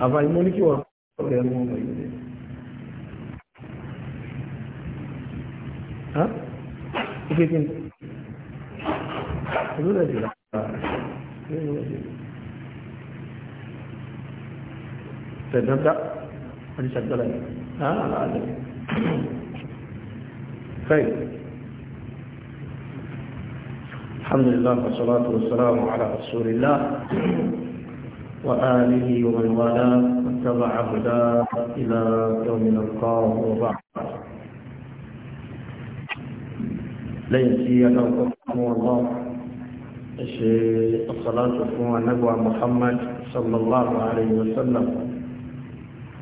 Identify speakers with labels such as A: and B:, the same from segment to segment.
A: avant il monte quoi hein الحمد لله والصلاة والسلام على رسول الله وآله ومن والاه واتبع هداه إلى يوم نلقاه وبعد ليسي أدعوكم الله الصلاة والسلام على نبوة محمد صلى الله عليه وسلم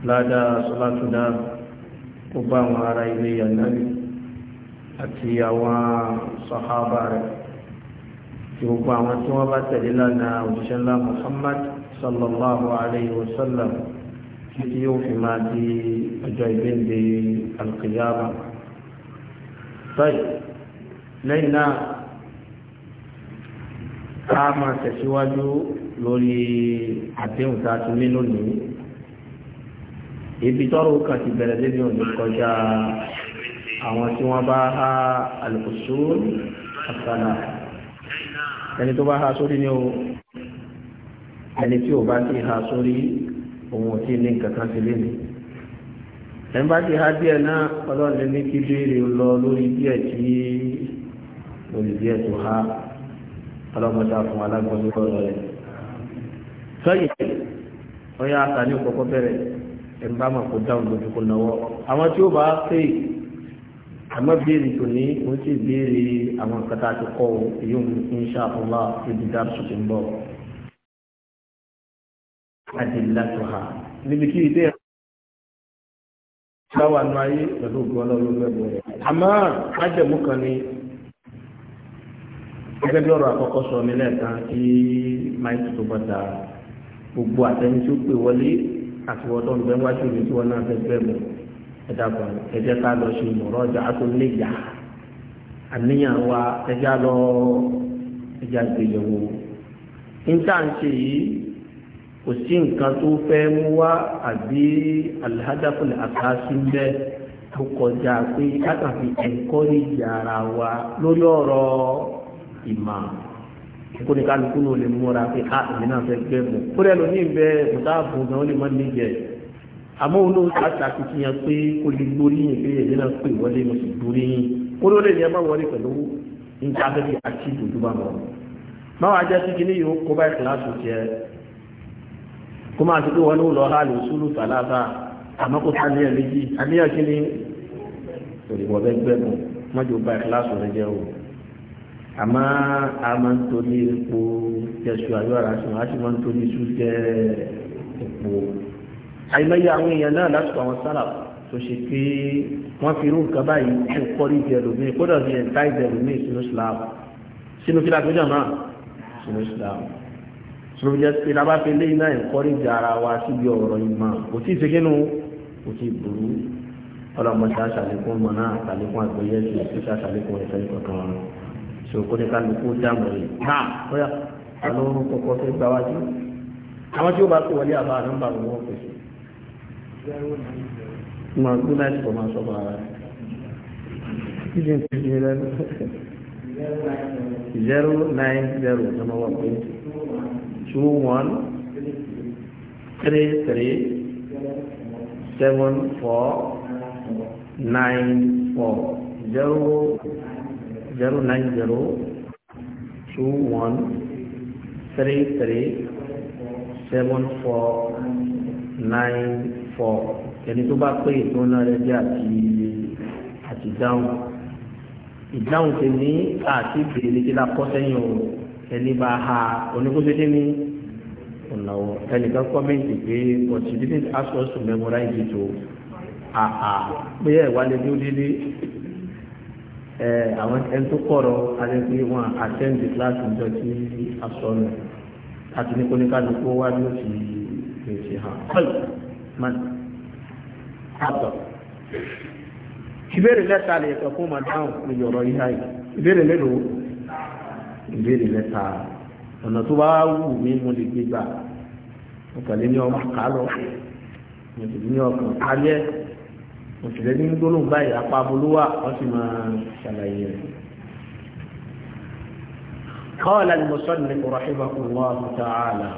A: لا دا صلاة دا قبام على إلي النبي أتي صحابة
B: gbogbo àwọn tí wọ́n bá tẹ̀lé محمد
A: sallallahu alayhi wa sallam títí yóò fi máa di ọjọ́ ìgbéǹde alqiyama. báyìí lẹ́yìn náà ká máa tẹ̀síwájú lórí àdéhùn tá a ti ní lónìí ibi tọ́rọ̀ kan ti bẹ̀rẹ̀ débi òní kọjá àwọn tí wọ́n bá há al-usul as-salah ẹni tó bá há sórí ní o ẹni tí ò bá ti ha sórí ohun tí ní kankan ti lé ní ẹ̀ ń bá ti ha díẹ̀ náà ọlọ́run ní kí béèrè lọ lórí díẹ̀ tí lórí díẹ̀ tó ha ọlọ́mọdé fún alágbọ̀nlé ọ̀rọ̀ rẹ̀ sọ́yìn ọ̀yà àtàní kọ̀kọ́ bẹ̀rẹ̀ ẹ̀ ń bá mà kó dáhùn lójú kó náwó àwọn tí ó bá fẹ́ àmọ́ béèrè tó ní wọ́n ti béèrè àwọn kátà tó kọ́ ọ́ èyí ń ṣàfùlà ibi dáàbò tó ń bọ̀ adìlátọ̀ha níbi kí ìdí ẹ̀ báwa nu ayé pẹ̀lú ògùn ọlọ́run gbẹ̀bọ̀ rẹ̀ ni gẹ́gẹ́ bí ọ̀rọ̀ àkọ́kọ́ sọ mi lẹ́ẹ̀kan kí máìkì tó bọ́ta gbogbo àtẹni tó pè wọlé àti wọ́n tó ń bẹ́ wájú mi tí wọ́n náà fẹ́ gbẹ̀bọ̀ ẹ dàgbà ká lọ ṣe ìmọ̀ràn ọjà tó lè yá àníyàn wa ẹja lọ ẹja gbèyẹ̀wò níta ń ṣe yìí kò sí nǹkan tó fẹ́ mú wá àbí alhadaful akasi tó kọjá pé látàfi wa lórí ọ̀rọ̀ ìmọ̀ kó ní kálukú lè múra a ah, èmi náà fẹ́ gbẹ́ mọ̀ kó rẹ̀ lóní bẹ́ mùtáàbù náà ó lè má níjẹ̀ àmọ́ òun ló ń ṣàṣàkìyàn pé kó lè gbórí yìí pé èmi náà pè wọlé mo sì gbórí yìí kó ló lè ní wọlé pẹ̀lú nǹkan àti ìdòdó bá kó máa ti pé wọn ló lọ ha lò sùúrù fàlàfà àmọ́ kó tán níyàn méjì àníyàn kí ni torí wọn bẹ gbẹ mọ wọn jò bá ìkíláàsì rẹ jẹ o àmọ́ a máa ń torí epo jẹsùn àyọ ara sùn a sì máa ń torí sùn jẹ epo àyìnbáyé àwọn èèyàn náà lásìkò àwọn sálà tó ṣe pé wọn fi irú nǹkan báyìí kó kọrí ìjẹ lómi kódà fi ẹ̀ńtá ìjẹ lómi sínú Islam sínú kí lápẹjọ náà sínú Islam sọ jẹ́ pé lábá fi lé iná ìkọ́rìjà ara wa síbi ọ̀rọ̀ ìmọ̀ kò tí ì ṣekínú kò tí ì burú ọlọ́mọṣá ṣàlékún ọmọ náà ṣàlékún àgbẹ̀yẹ sí ìṣẹ́ṣà ṣàlékún ẹ̀ṣẹ́ ìkọ̀kan wọn sọ kó ní kálukú dáàmú rẹ̀ náà bóyá àlọ́ kọ̀kọ́ fẹ́ gbá wájú àwọn tí ó bá kó wọlé àbá àdúgbò àwọn ọmọ pèsè ma gbé zero nine zero sọ́bọ̀ ara kíjì two one three three seven four nine four zero zero nine zero two one three three seven four nine four ẹni tó bá pé ìtọ́nà rẹ bí àti àti dáhùn ìdáhùn ti àti bèrè kí la kọ́ sẹ́yìn o ẹni bá ha oníkóṣeṣe ní ọ̀nàwọ̀ ẹnìkan kọ́mẹ́ǹtì pé but you didn't ask us to memorize it o àhà pé ẹ̀ wá lè dúró délé ẹ àwọn ẹni tó kọ̀rọ̀ alẹ́gbẹ́ wọn attend the class níjọ tí a sọ nù àti ní kóníkàlùkù wá ní òsì èsì hàn kọ́lù man àtọ̀ ìbéèrè lẹ́ta lè sọ fún madam ìyọ̀rọ̀ yíyá yìí ìbéèrè mélòó ìbéèrè mẹ́ta ọ̀nà tó bá wù mí mo lè gbé gbà mo kàn lé ní ọmọ ká lọ mo sì ní ọkàn kálẹ̀ mo sì lé gbólóhùn báyìí apá wọ́n sì máa ṣàlàyé rẹ̀. قال المصنف رحمه الله تعالى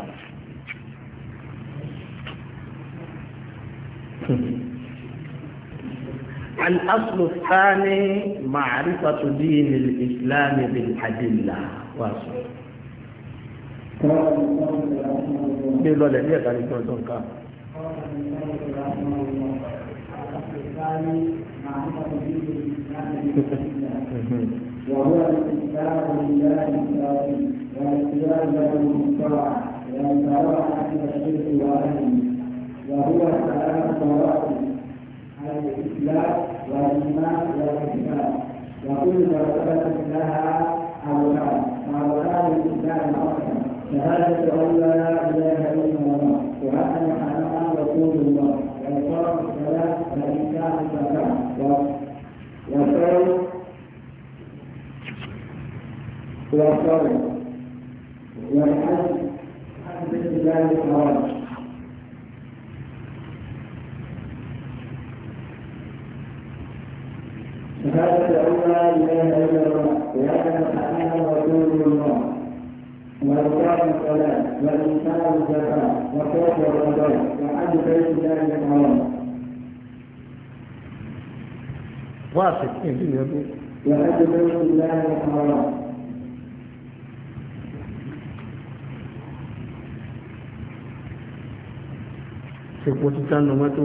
A: الأصل الثاني معرفة دين الإسلام بالأدلة وهو الاستعانة لله الكافي والاختيار له المشترع والمتابعة إلى
C: الشرك وهو السلام الصلاة الإسلام
A: والإيمان والإحسان وكل مرتبة لها أركان وأركان الإسلام أركان شهادة أن لا إله إلا الله
B: وأن محمدا رسول الله وإقام الصلاة وإيتاء الزكاة وصوم
C: وصوم والحج حج الله الحرام
B: شهادة أن لا إله إلا الله وأن محمدا رسول الله وإقام الصلاة وإيتاء الزكاة وصوم
A: رمضان وحج بيت الله الحرام واصل وحج بيت الله الحرام ṣe kò ti tánà mọ́tò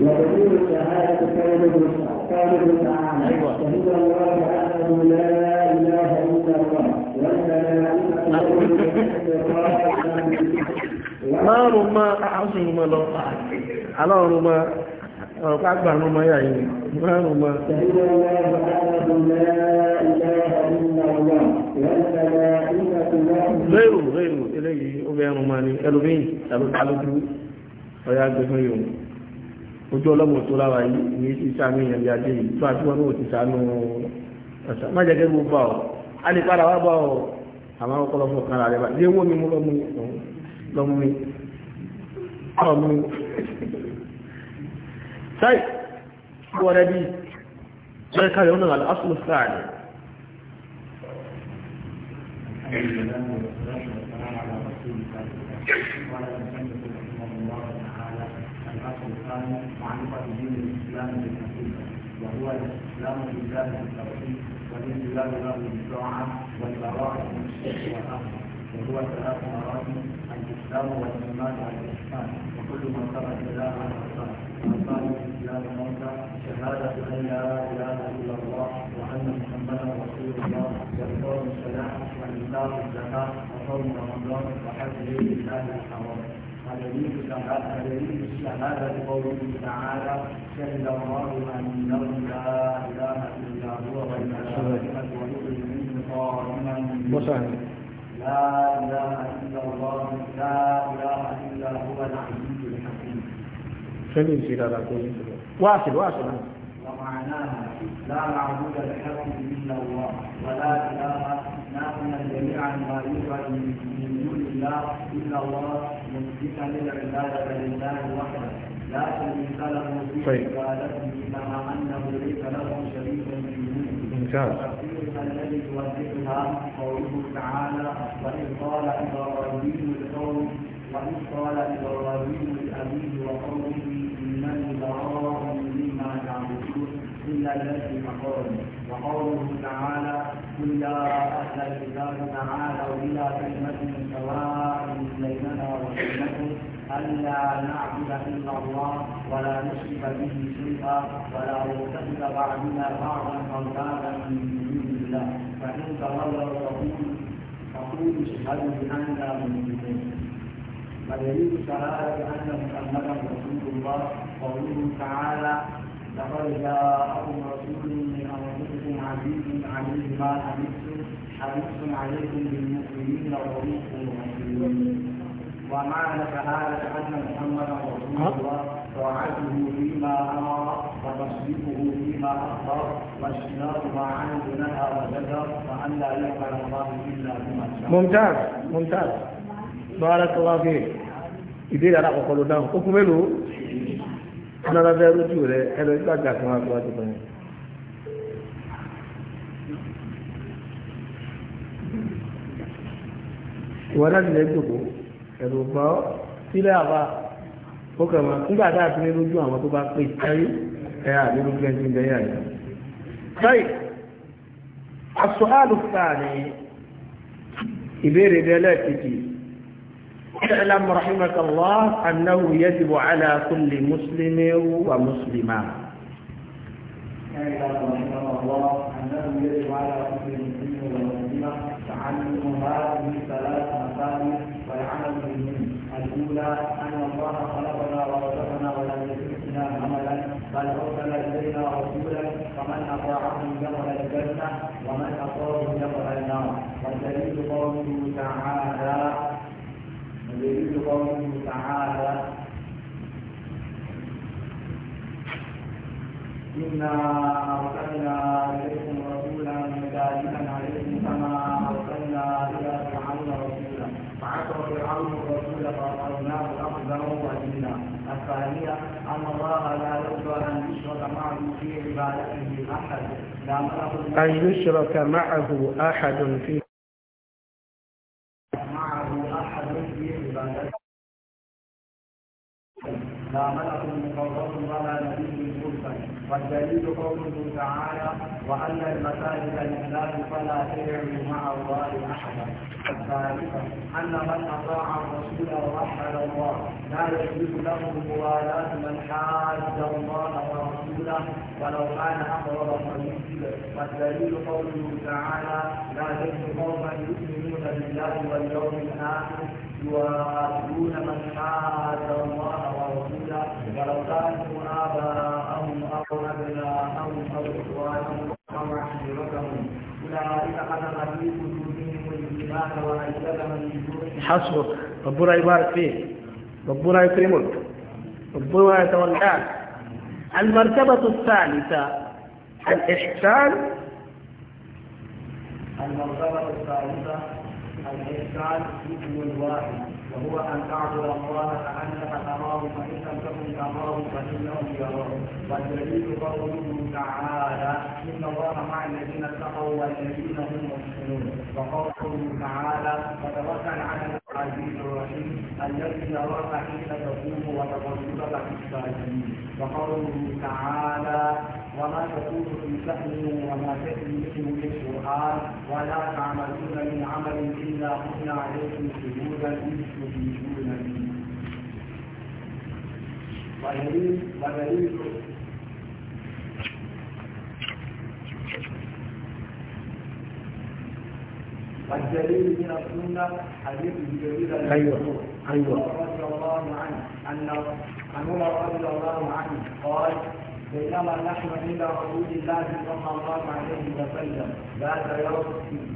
D: ويكون الشهادة قوله
A: قوله تعالى الله أنه لا إله إلا الله Márùn-ún máa àásùn mọ́ lọ, aláwọ̀rún máa ọ̀pá gbàrún máa yà yìí, máa. Ṣẹ̀yìn
B: ọwọ́ àádọ́dún lẹ́ẹ̀ẹ́lẹ́ ìlànà
A: ọ̀wọ́, lẹ́ẹ̀ẹ́lẹ́ máa ní ẹlòmíì, ẹlòmíì, ọ̀yá gbẹ̀fẹ́ yòó ojú ọlọ́mọ tó láwa yìí ní ti sàánú ìyẹn bí adé yìí tó àti wọn náà ti sàánú ọ̀sà má jẹ́ kẹ́rù bá ọ a lè padà wá bá ọ àmọ́ àwọn ọkọ̀ lọ́fọ̀ kan rẹ̀ bá lé mi mú lọ́mú lọ́mú mi ọ̀mú sáì wọ́n rẹ̀ bí lọ́rẹ́ káyọ̀ náà lọ asùn sáà
C: Thank you. معرفة دين الإسلام بالحقيقة وهو الإسلام بالله التوحيد والانقياد له بالطاعة والبراءة من الشرك والأمر وهو ثلاث مراتب الإسلام والإيمان والإحسان وكل من ثبت الله على الإسلام وقال الإسلام موتى شهادة أن لا إله إلا الله وأن محمدا رسول الله وإقام الصلاة وإيتاء
A: الزكاة وصوم رمضان وحج بيت الله الحرام الشهادة دليل الشهادة بقوله تعالى شهد الله أنه لا إله إلا هو والملائكة وأولو العلم قائما لا إله إلا الله لا إله إلا هو العزيز الحكيم. خليل في هذا واصل واصل
B: ومعناها
A: لا معبود بحق الا الله ولا اله نافيا جميعا ما يوحى من دون الله الا الله ممسكا للعبادة لله وحده لا شريك له في طيب. عبادته كما أنه ليس له شريك ممتاز الذي توثقها قوله تعالى وإذ قال إبراهيم لقومه وإذ قال إبراهيم لأبيه وقومه إنني براء مما تعبدون إلا الذي أقرني وقوله تعالى قل يا أهل الكتاب تعالوا إلى كلمة سواء بيننا وبينكم ألا نعبد إلا الله ولا نشرك به شيئا ولا يتخذ بعدنا بعضا أربابا من دون الله فإن تولوا فقولوا فقولوا اشهدوا بأننا مسلمون فدليل الشهاده أن محمدا رسول الله قوله تعالى لقد جاءكم رسول من انفسكم عزيز عليه ما حرصتم حرصتم عليكم بالمؤمنين رؤوف رحيم ومعنى شهادة أن محمدا رسول الله وعزه فيما أمر وتصديقه فيما أخبر واجتناب ما عنه نهى وزجر وأن لا يقبل الله إلا بما شاء ممتاز ممتاز بارك الله فيك ìbéèrè alákọ̀ọ́kọ́ ló dáhùn ó kún mélòó ọ̀nà fẹ́ lójú rẹ ẹlọ ìgbàgbà kan wájú wájú kan yẹn. ìwọ́n náà nílẹ̀ jòkó ẹ̀rù bá ọ́ sílẹ̀ àbá ó kàn máa nígbà tá a fi ní lójú àwọn tó bá pè káyé ẹ̀ àbí lójú ẹni ń bẹ́yà yẹn. báyìí aṣọ àlùfáà ni ìbéèrè bẹ́ẹ̀ lẹ́ẹ̀kejì. اعلم رحمك الله أنه يجب على كل مسلم ومسلمة اعلم رحمك الله أنه يجب على كل مسلم ومسلمة تعلم هذه ثلاث مسائل والعمل بهن الأولى أن الله خلقنا ورزقنا ولم يتركنا عملا بل أرسل إلينا رسولا فمن أطاعه دخل الجنة ومن أطاعه دخل النار والدليل قوله تعالى يريد قوله تعالى إنا أرسلنا إليكم رسولا مجاهدا عليكم كما أرسلنا إلى فرعون رسولا فعصى فرعون الرسول فأخذناه أخذا وزنا الثانية أن الله لا يرضى أن يشرك معه في عبادته أحد لا أن يشرك معه أحد في لا ملك مقرب ولا نبي مرسل والدليل قوله تعالى وان المساجد لله فلا تدعوا مع الله احدا الثالثه ان من اطاع الرسول ووحد الله لا يجوز له موالاه من حاد الله ورسوله ولو كان اقرب قريب والدليل قوله تعالى لا تجد قوما يؤمنون بالله واليوم الاخر يوادون من حاد الله ورسوله ولو كانوا آباءهم أو أبناءهم أو إخوانهم أو عشيرتهم أولئك حسب في قلوبهم الإيمان وأيدهم من حسبك ربنا يبارك فيك ربنا يكرمك ربنا يتولاك المرتبة الثالثة الإحسان المرتبة الثالثة الإحسان اسم واحد وهو أن تعبد الله كأنك تراه فإن لم تكن تراه فإنه يراك والدليل قوله تعالى إن الله مع الذين اتقوا والذين هم محسنون وقوله تعالى وتوكل على العزيز الرحيم الذي يراك حين تقوم وتقلبك في الساجدين وقوله تعالى وما تكون في سهل وما تأتي منه من القران ولا تعملون من عمل الا كنا عليكم شهودا اذ تجيبون به ودليل ودليل والدليل من السنة حديث جبريل أيوة أيوة رضي الله عنه أن عن عمر رضي الله عنه قال بينما نحن عند رسول الله صلى الله عليه وسلم ذات يوم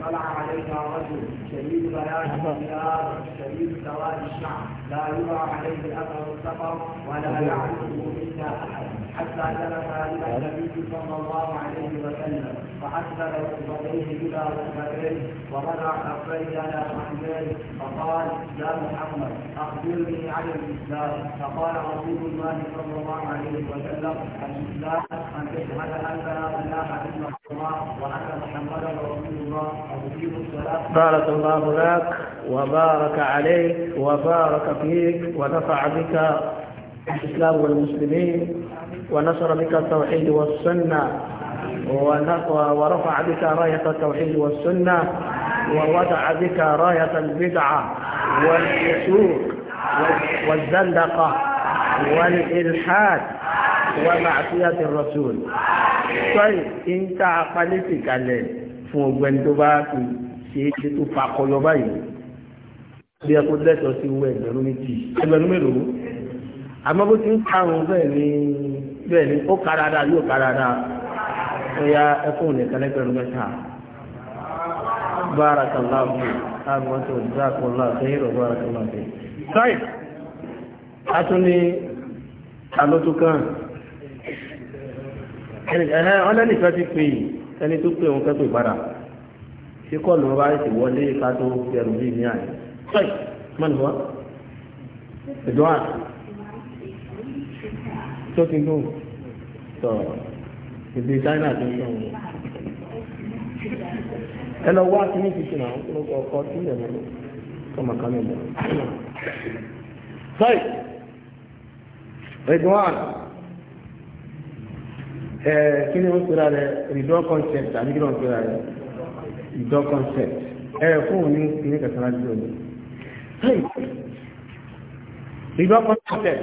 A: اطلع علينا رجل شديد بياض الثياب شديد سواد الشعر لا يرى عليه اثر السفر ولا يعرفه منا احد حتى علمها الى النبي صلى الله عليه وسلم فاسبل ركبتيه الى ركبتيه ووضع كفيه على رحمتيه فقال يا محمد اخبرني عن الاسلام فقال رسول الله صلى الله عليه وسلم الاسلام ان تشهد ان لا
B: اله الا الله وان محمدا رسول الله اقيم الصلاه بارك الله لك وبارك عليك
A: وبارك فيك ونفع بك الإسلام والمسلمين ونصر بك التوحيد والسنة ورفع بك راية التوحيد والسنة ووضع بك راية البدعة والفسوق والزندقة والإلحاد ومعصية الرسول طيب انت عقلتك عليه فوقن تباكي ṣeéṣe tó fa akọyọ báyìí bí ẹkọ lẹ́tọ̀ọ́ sí wọ ẹgbẹ̀rún méjì ẹgbẹ̀rún mélòó àmọ́ bó ti ń karùn-ún ni bẹ́ẹ̀ ni ó kára dáa yóò kára dáa ó yá ẹkún nìkan lẹ́gbẹ̀rún mẹ́ta barakallahu agbọ́tò ìdákọ̀ọ́lá àtẹ́yìnrò barakallahu àtẹ́yìn sáì a tún ní alótúkàn ọlẹ́nìkan ti pè ẹni tó pè òun kẹ́pẹ̀ padà tí kọlù wọn bá ti wọlé ká tó fẹ̀rù bí ní àyè sáì mọ́nìwá ìdọ́wà tó ti nù tọ̀ èdè China tó ń sọ̀rọ̀ ẹ lọ wá sí ní kìkì náà ọkọ̀ ọkọ̀ sí ẹ̀rọ kọ́mọ kánú ìlú. sọ́yì Redwan ẹ̀ kí ni ó pera rẹ̀ Redwan concept àbí kí ni ó pera rẹ̀ Redwan concept ẹ̀ fún òní ní kẹsàn-án àdúgbò ni. sọ́yì Redwan concept.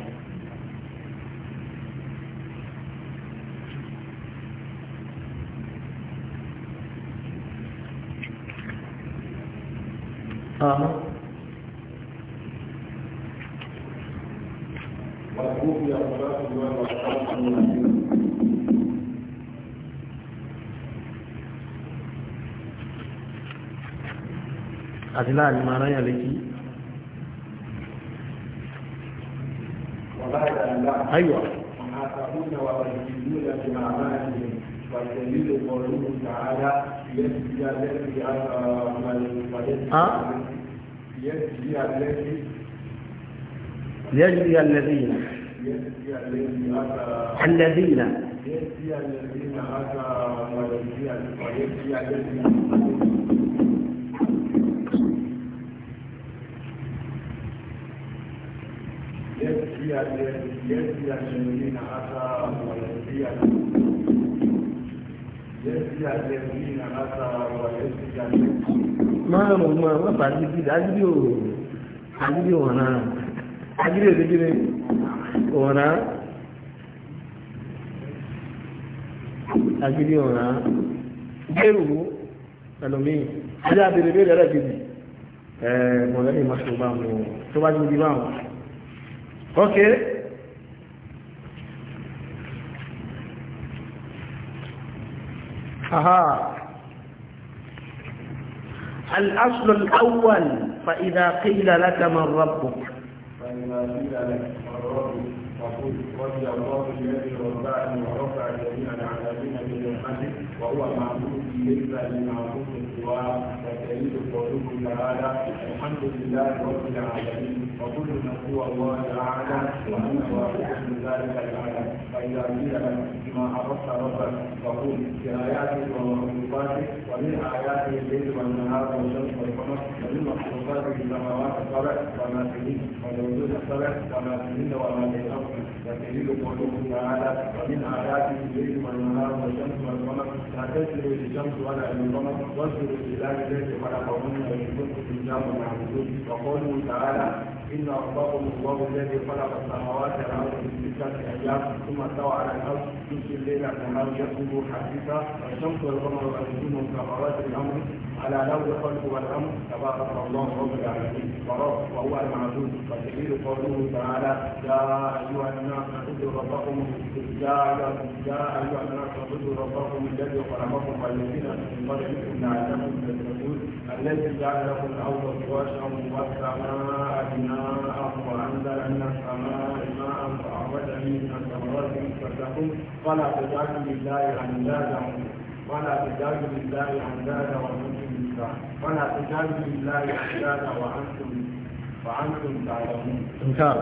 A: آه. أدلاء ما رأي لك أيوة وحاسبون وغيبون بمعمالهم قوله تعالى يسجد الذي أمل يجزي الذي يجزي الذين الذين يجزي الذين أتى ويجزي الذين يجزي الذين أتى ويجزي يجزي الذين أتى ويجزي márùn mọ́ wọ́n bá jí bíi ajílẹ̀ òòrùn ajílẹ̀ òwòrán ajílẹ̀ òdejìlẹ̀ òwòrán ajá bèrè bèrè rẹ̀ bìbì ẹ̀ mọ̀lẹ́ni mọ́tò الأصل الأول فإذا قيل لك من ربك فإذا قيل لك من ربك فقل رضي الله الذي رفعني ورفع الذين على دين من وهو معبود ليس لمعبود سواه والدليل قوله تعالى الحمد لله رب العالمين وكل من سوى الله تعالى وانه واحد من ذلك العالم فاذا قيل لك بما عرفت ربك فقل باياته ومخلوقاته ومن اياته الليل والنهار والشمس والقمر ومن مخلوقاته السماوات السبع وما فيهن والوجود السبع وما فيهن وما بينهن والدليل قوله تعالى ومن اياته الليل والنهار والشمس والقمر فاعتذروا للشمس ولا الى القمر واذكروا الذي خلقهن ان كنتم اياه تعبدون وقوله تعالى ان ربكم الله الذي خلق السماوات والارض في سته ايام ثم استوى على الارض يمشي الليل والنهار يطلب حديثا والشمس والقمر والنجوم والثمرات الامر على له الخلق والامر تبارك الله رب العالمين وهو المعبود والدليل قوله تعالى يا ايها الناس اعبدوا ربكم يا ايها الناس اعبدوا ربكم الذي زخرفهم الذين من قبلكم لعلهم تتقون الذي جعله لكم الارض فراشا والسماء بناء وانزل من السماء ماء فاخرج من ثمرات فاتقوا فلا تجعلوا لله اندادا ولا تجعلوا لله اندادا وانتم ولا تجعلوا لله اندادا وانتم وعنكم تعلمون انكار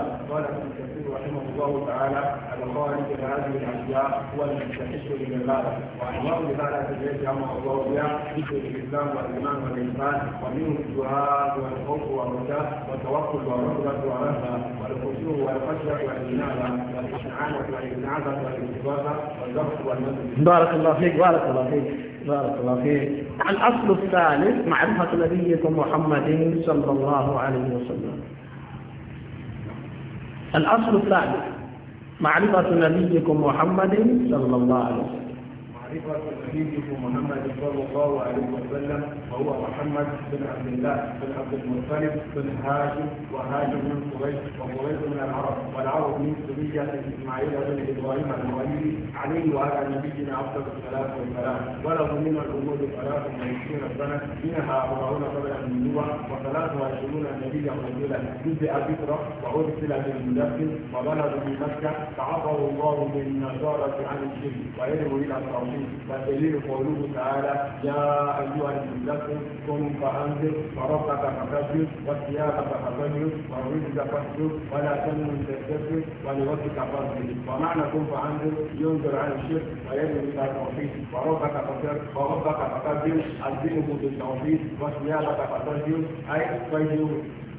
A: رحمه الله تعالى على خارج هذه الاشياء هو المستحق للعباده وانواع العباده التي امر الله بها مثل الاسلام والايمان والإنسان ومنه الدعاء والخوف والرجاء والتوكل والرغبه والرهبه والخشوع والخشيه والانابه والاستعانه والاستعاذه والاستغاثه والضغط والنذر. بارك الله فيك بارك الله فيك. بارك الله فيك الأصل الثالث معرفة نبيكم محمد صلى الله عليه وسلم الأصل الثالث معرفة نبيكم محمد صلى الله عليه وسلم صفة نبيه محمد صلى الله عليه وسلم وهو محمد بن عبد الله بن عبد المطلب بن هاشم وهاشم بن قريش وقريش من العرب والعرب من سورية إسماعيل بن إبراهيم المغيري عليه وعلى نبينا أفضل الصلاة والسلام وله من الأمور ثلاث وعشرين سنة منها أربعون قبل النبوة وثلاث وعشرون نبيا رسولا جزء ذكره وأرسل بالمدفن وبلغ بمكة تعافه الله من نصارة عن الشرك ويدعو إلى التوحيد وسليم قوله تعالى يا أيها المزمل قم فأنذر وربك فكبر وثيابك فطهر والرجز فاهجر ولا تمن تستكبر ولوجهك فاصبر ومعنى قم فأنذر ينذر عن الشرك ويدعو إلى التوحيد وربك فكبر وربك فكبر أذنه بالتوحيد وثيابك فطهر أي طهر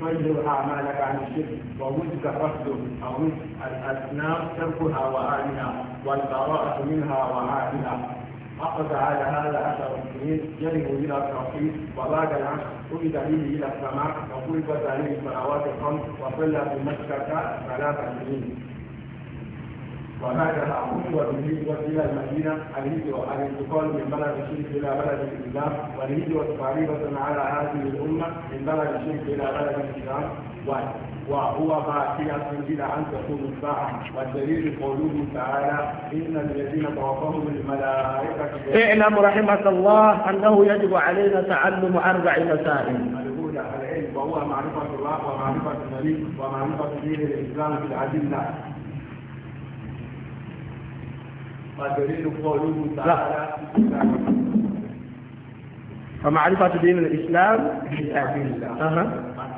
A: انزل اعمالك عن الشرك ووجد رفضه او وزك تركها واهلها والبراءه منها واهلها أخذ على هذا عشر سنين يلجوا إلى التوحيد وبعد العشر أُمد به إلى السماء وطلبت عليه الصلوات الخمس وصلى في مكة ثلاث سنين ونادر أخوه وبالهجرة إلى المدينة الهجرة الانتقال من بلد الشرك إلى بلد الإسلام والهجرة فريضة على هذه الأمة من بلد الشرك إلى بلد الإسلام وهو في إلى أن تكون الساعة والدليل قوله تعالى إن الذين توفاهم الملائكة اعلم رحمك الله أنه يجب علينا تعلم أربع مسائل العلم وهو معرفة الله ومعرفة النبي ومعرفة دين الإسلام في الأدلة ودليل قوله تعالى فمعرفة دين الإسلام بالأدلة أه.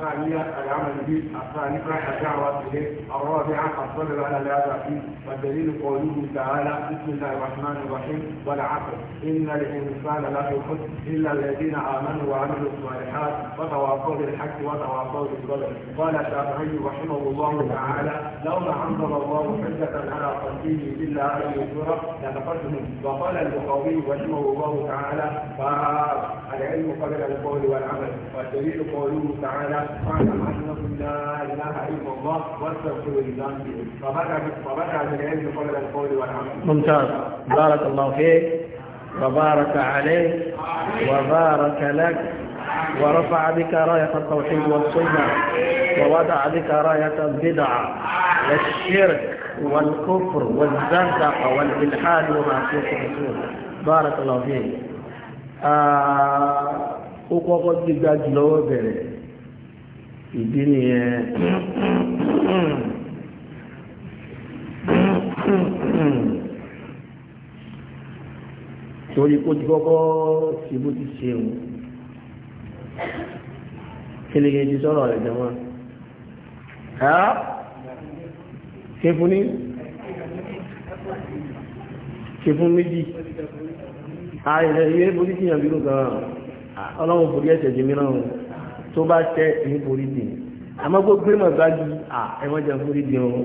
A: الثانية العمل به الثالثة الدعوة إليه الرابعة الصبر على الأذى فيه والدليل قوله تعالى بسم الله الرحمن الرحيم والعصر إن الإنسان لا يخط إلا الذين آمنوا وعملوا الصالحات وتواصوا بالحق وتواصوا بالصبر قال الشافعي رحمه الله تعالى لولا أنزل الله حجة على قلبه إلا أن يسر لتقدم وقال البخاري رحمه الله تعالى العلم قبل القول والعمل والدليل قوله تعالى ممتاز بارك الله فيك وبارك عليك وبارك لك ورفع بك راية التوحيد والسنة ووضع بك راية البدع والشرك والكفر والزندقة والإلحاد وما فيه الرسول بارك الله فيك آه kọ́kọ́ gbígbá jùlọ ìdí nìyẹn torí kó ti kọ́kọ́ ti bó ti ṣe òun kí ni kí ti sọ̀rọ̀ rẹ̀ jẹ́ wọn kefun ní kefun méjì ààrẹ̀ ilé borí kíyàn bí ló gan ọlọ́run borí ẹ̀ṣẹ̀ jẹ́ mìíràn tó bá tẹ èyí forí dì ní àmọ́ gbogbo ìmọ̀ gbájú à ẹ̀wọ́n jẹ́ forí dì ọ́n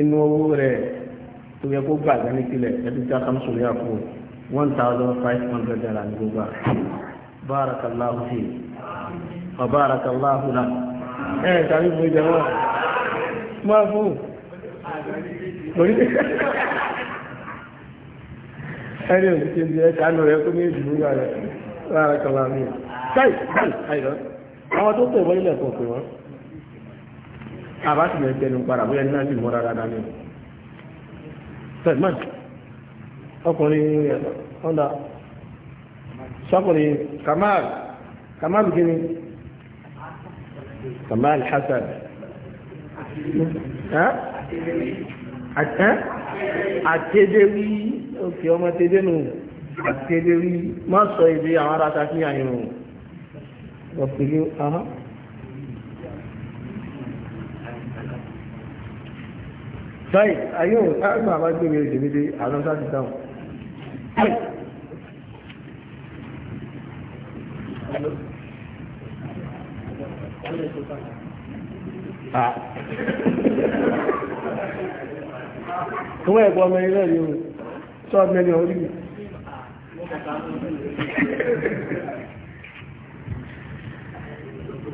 A: inú owó rẹ̀ tó yẹ kó gbà gani tilẹ̀ ẹbí tí a kà ń sọ̀rọ̀ yà kó one thousand five hundred naira ní gbogbo àrà barakallahu fi wa barakallahu la ẹ̀ tàbí fún ìjọba máa fún lórí ẹni òṣìṣẹ́ ìjẹ́ ṣàánú rẹ̀ kó ní ìdìbò yà rẹ̀ barakallahu fi káì káì káì lọ́wọ́ àwọn tó tẹ̀ wọ́n ilẹ̀ kan pè wọ́n àbá sì lè tẹnu padà bóyá ní náà sì mọ́ra dáadáa ní tẹ̀gbọ́n ọkùnrin ọ̀dà sọkùnrin Kamal Kamal kìíní Kamal Hasan àtẹ́dẹ́wí òkè ọmọ tẹ́dẹ́nu àtẹ́dẹ́wí má sọ ibi àwọn ará ta fi hàn yìí wọ̀pẹ̀lẹ̀ ahọ́n. Báyìí, ayé ò sáàgbà bá gbé ìrìn ìdèmídé àwọn sáà ti dáhùn.
C: Ah. Kọ́mọ̀ ẹ̀kọ́
A: ọmọ ilé ìlú, sọ́ọ̀dún ẹni orí mi.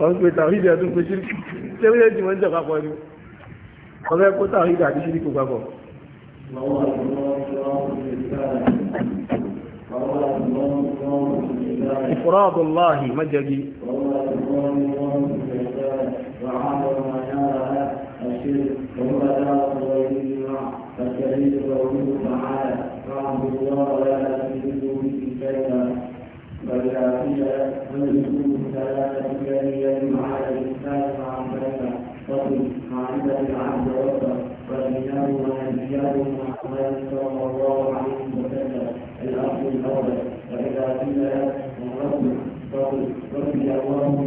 A: wọ́n pè tàwídì àtún pé ṣíríkì tẹ́wọ́n tí wọ́n ń jẹ́ papọ̀ ni wọ́n fẹ́ kó tàwídì àti ṣíríkì papọ̀ إفراد الله مجدي وعلى الذي يجب على الإنسان معاملته وفي معرفة العبد وإذا قيل له من فقل ربي الله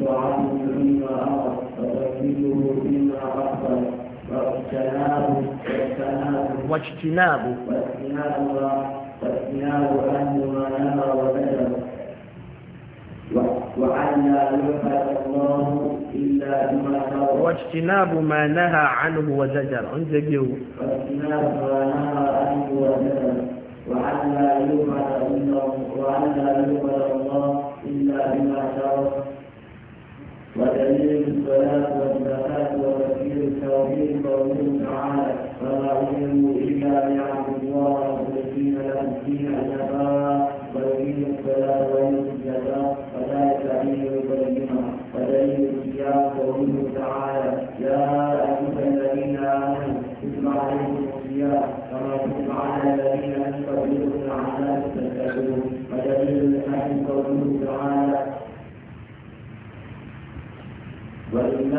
A: فيما أمر فيما واجتناب واجتناب واجتناب ما نهى الله إلا بما واجتناب ما نهى عنه وزجر انزجوا واجتناب ما نهى عنه وزجر وأن لا الله إلا بما شرع ودليل الصلاة والزكاة وتكفير التوحيد قوله تعالى وما أمروا إلا ليعبدوا الله مخلصين له الدين حنفاء ويقيموا الصلاة ويؤتوا الزكاة وذلك دين القيمة ودليل الصيام قوله تعالى يا أيها الذين آمنوا كتب عليكم الصيام كما كتب على الذين من قبلكم لعلكم تتقون ودليل الحج قوله تعالى ولله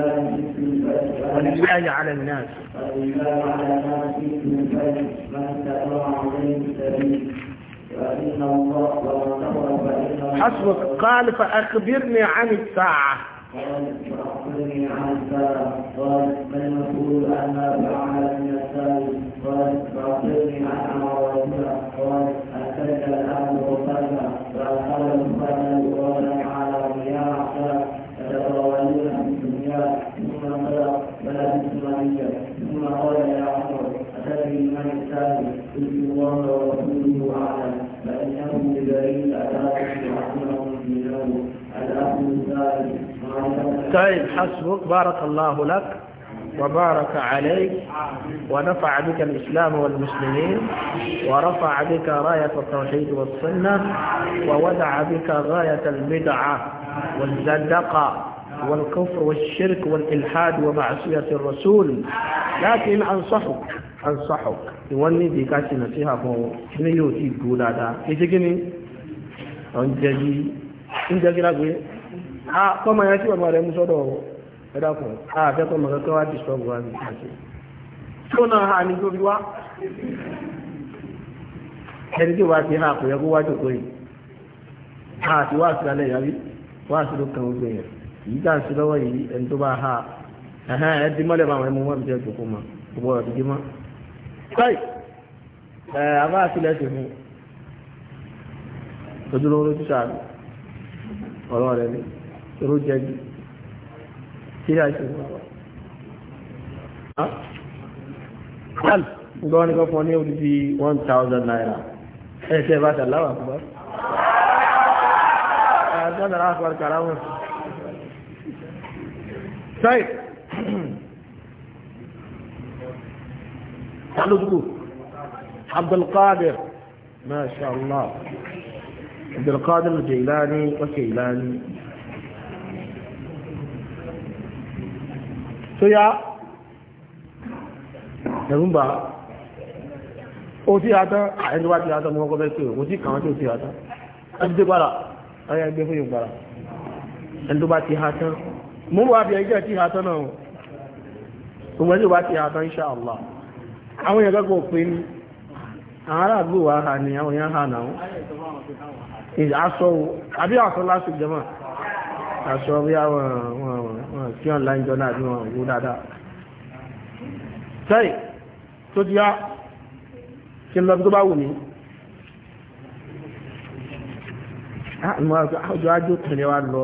A: على الناس ولله على الناس الفجر عليه فإن الله حسبك قال فأخبرني عن الساعة قال فأخبرني عن الساعة قال ما المسؤول عما فعل الساعة قال فأخبرني عن عوارضها قال أتاك الأمر قبل فأخبر الفجر معاوية ثم قال يا عمر أتدري ما الإسلام قلت الله ورسوله أعلم فإنه جبريل أتاك يعلمهم دينه الأخ الثالث طيب حسبك بارك الله لك وبارك عليك ونفع بك الإسلام والمسلمين ورفع بك راية التوحيد والسنة وودع بك غاية البدعة والزندقة والكفر والشرك والإلحاد ومعصية الرسول لكن أنصحك أنصحك يوني بكاس نصيحة فهو كن يوتي قولا دا إذا كني أنجلي أنجلي لغوي ها كما يأتي وما لهم صدوه ẹ̀dàkùn àfẹ́kọ̀ọ́ mọ̀kẹ́kọ́ wá dìsọ́gbọ̀ wá ní àti tó náà ha ní gbóbi wá ẹni tí wá ti ha kò yẹ kó wá jòkó yìí ha àti wá yìí tà sí lọ́wọ́ yìí ẹni tó bá ha ẹ̀hẹ́n ẹ ti mọ́lẹ̀ bá àwọn ẹmu mọ́ fi jẹ́ ìjòkó mọ́ gbogbo ọ̀rọ̀ ti dé mọ́. káì àtìlẹ̀ ti fún ojúlówó ló ti sàánù ọ̀rọ̀ rẹ̀ ni toró jẹ́ jù kí ni àìsàn wà wá. Kal gbọ́n ní kọ́kọ́ ní odidi one thousand naira ẹ̀ ṣe bá tà láwà kúbá. Ẹ̀ ṣe bá tà láwà kàrà wọn sáì alùpùpù abdulkadir masha allah abdulkadir jìlání ọkẹ̀ ìlání tó yá ẹ̀rùmbà ó tí a tán àyẹ́jọba tí a tán mọ́ ọkọ̀ bẹ́ẹ̀ tí ó tí kàwọn tí ó tí a tán ẹgbẹ́ gbára ẹgbẹ́ fún yóò gbára ẹgbẹ́ bá ti ha tán mú wá bí ẹgbẹ́ tí ìhàtọ́ náà gbogbo ẹjọ́ bá ti ìhàtọ́ insha Allah àwọn èèyàn gẹ́gọ́ pé ní àwọn ará àdúgbò wa hà ní àwọn èèyàn hà náà aṣọ àbí aṣọ lásìkò jẹmọ aṣọ bí àwọn tí wọn láì jọ náà bí wọn wó dáadáa sẹ́yìn tó ti yá kí n lọ bí tó bá wù mí àwọn àjọ àjọ tẹ̀lé wa lọ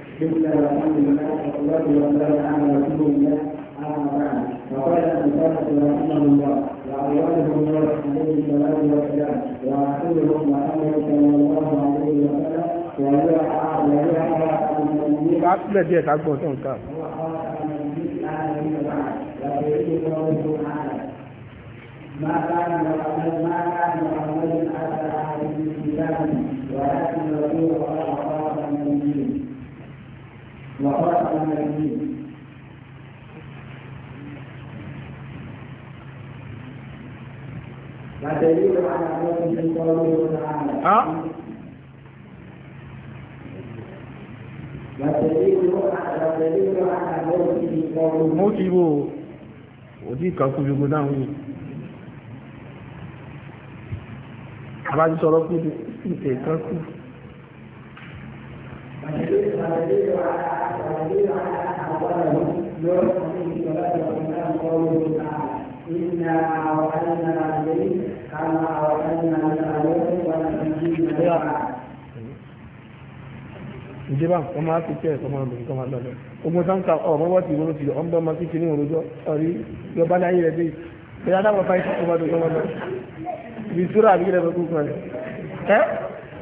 A: مثل رسول الله صلى
B: الله عليه وسلم ويوحى
A: ويوحى أن النبي عقد ديك عقد وتنكر
B: ما كان محمد ما كان محمد على أحد من
A: كتابه ولكن وخاتم النبيين ودليل على ذلك قوله تعالى Mo ti wo òdí ìkàkùn gbogbo dáhùn yìí. Àbájú sọ̀rọ̀ kú ìtẹ̀ẹ̀kan kú ìjọba wọn máa fi kẹ́ ẹ̀kọ́ máa bẹ̀rẹ̀ kọ́ máa lọ́lọ́ ogun sáńkà ọ̀rọ̀ wọ́n ti wọ́n ti lọ ọmọdé ọmọ kíkiri òrojọ́ ọ̀rí yọba láyé rẹ̀ dé ìyá dábọ̀ fáìsì kọ́ máa bẹ̀rẹ̀ kọ́ máa lọ ìbí súrà àbí rẹ̀ bẹ̀ kú kan rẹ̀ ẹ́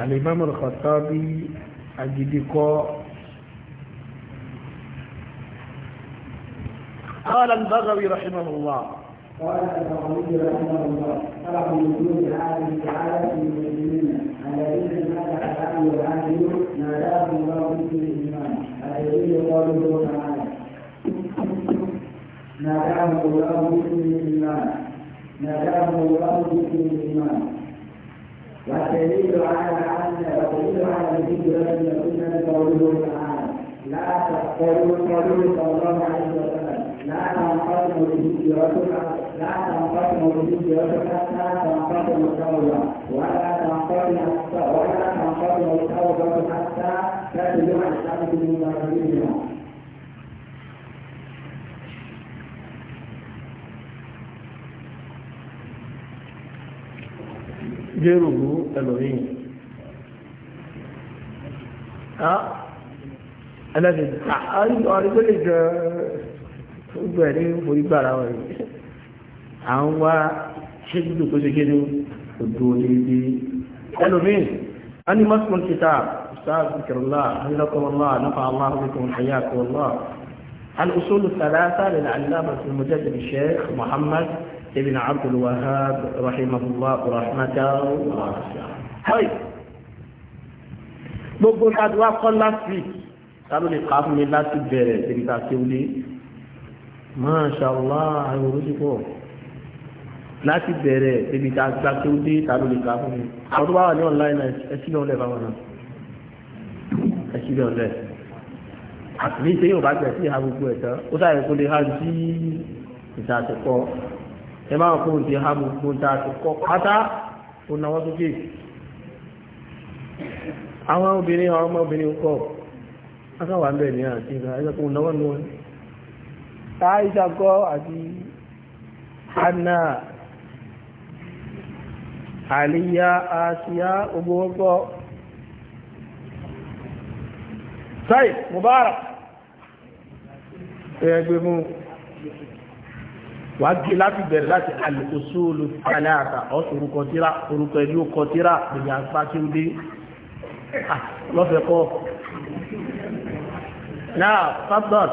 A: الإمام الخطابي أجدكو قال البغوي رحمه الله قال البغوي رحمه الله شرح وجود العالم تعالى في المسلمين الذين مات العالم والعالمون ناداهم الله في الايمان الذين قالوا تعالى ناداهم الله في الايمان ناداهم الله في الايمان وتدل على أن وتدل على الهجرة لكن قوله تعالى لا تقولوا قوله صلى الله عليه وسلم لا تنقسم الهجرة لا تنقسم الهجرة
B: حتى تنقسم التوبة ولا تنقسم ولا تنقسم التوبة حتى تدل على الشمس من مغربها
A: غيره ألوهين أنا أريد لك أبريم ويبراوي أنا أريد لك أبريم ودوليدي ألوهين أنا مصمم كتاب أستاذ ذكر الله أهلكم الله نفع الله بكم حياكم الله الأصول الثلاثة للعلامة المجدد الشيخ محمد ابن عبد الوهاب رحمه الله رحمة واسعة gbogbo tàbíwá kọ́ láti tàbí lè ká fún mi láti bẹ̀rẹ̀ ìrìta tí ó lé Masha Allah àwọn olóṣìpọ̀ láti bẹ̀rẹ̀ ìrìta tí ó lé tàbí lè ká fún mi àwọn tó bá wà ní online ẹ̀ṣílẹ̀ ọ̀lẹ́ bá wọn náà ẹ̀ṣílẹ̀ ọ̀lẹ́ àtìlẹ́sẹ̀ yóò bá gbẹ̀ sí ìhà gbogbo ẹ̀tọ́ ó sáyẹ̀ kó lè há sí ìtàṣẹ̀kọ́ ẹ máa kó ti ha gbogbo ta ti kọ́ pátá ó náwó sókè àwọn obìnrin àwọn ọmọbìnrin kọ́ akáwà ń bẹ̀ ní àti ìgbà ẹgbẹ́ kó náwó nù wọn táìsà kọ́ àti anna àlíyá àṣíyá mubarak ẹgbẹ́ fún wà á gbé láti bẹ̀rẹ̀ láti al-usulu thalatha ọ̀sùn orúkọ tíra orúkọ ẹni ó kọ tíra gbèyà apá tí ó dé kọ́
C: náà fábọ̀t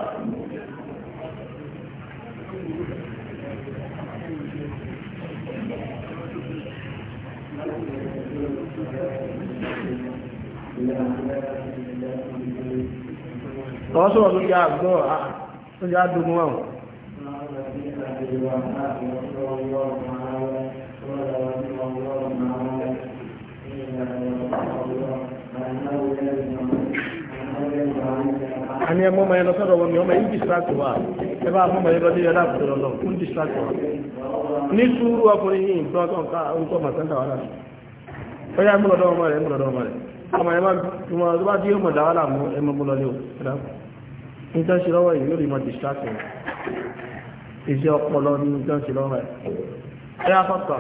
C: ọ̀sọ̀rọ̀
A: ló yá àgbọ̀ ló yá àdúgbò آله وأصحابه وصلى الله تعالى ولا رضي الله تعالى إلا الله أنه لا ani ẹ mọ́mọ́ yẹn lọ sọ́dọ̀ wọn ni ọmọ yìí distract wa ẹ bá mọ́mọ́ yẹn lọ sí ẹ̀dá àbùdó lọ fún distract wa ní sùúrù ọkùnrin yìí nǹkan tó nǹkan orúkọ màtẹ́ńtà wà láti ó yá múlọ̀dọ̀ ọmọ rẹ̀ múlọ̀dọ̀ ọmọ rẹ̀ ọmọ ẹ bá bí ọmọ dáwà láàmú ẹ mọ́ múlọ̀lẹ́ o ẹ̀dá nítorí ṣe lọ́wọ́ yìí lórí mọ́ distract iṣẹ́ ọpọlọ ní ìjọ ṣe lọ́rọ̀ ẹ̀ ẹ̀ akọ́kọ́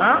A: Huh?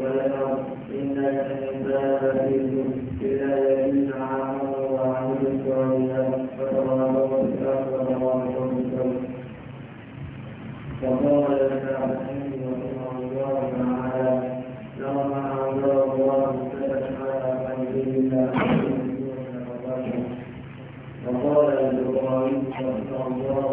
A: والأرض إن الإنسان في إلى الذين آمنوا وعملوا الصالحات فتواصوا بالحق وتواصوا بالصبر وقال الكعبين رحمه الله تعالى لما أنزل الله فتح على
C: قلبه وقال البخاري رحمه الله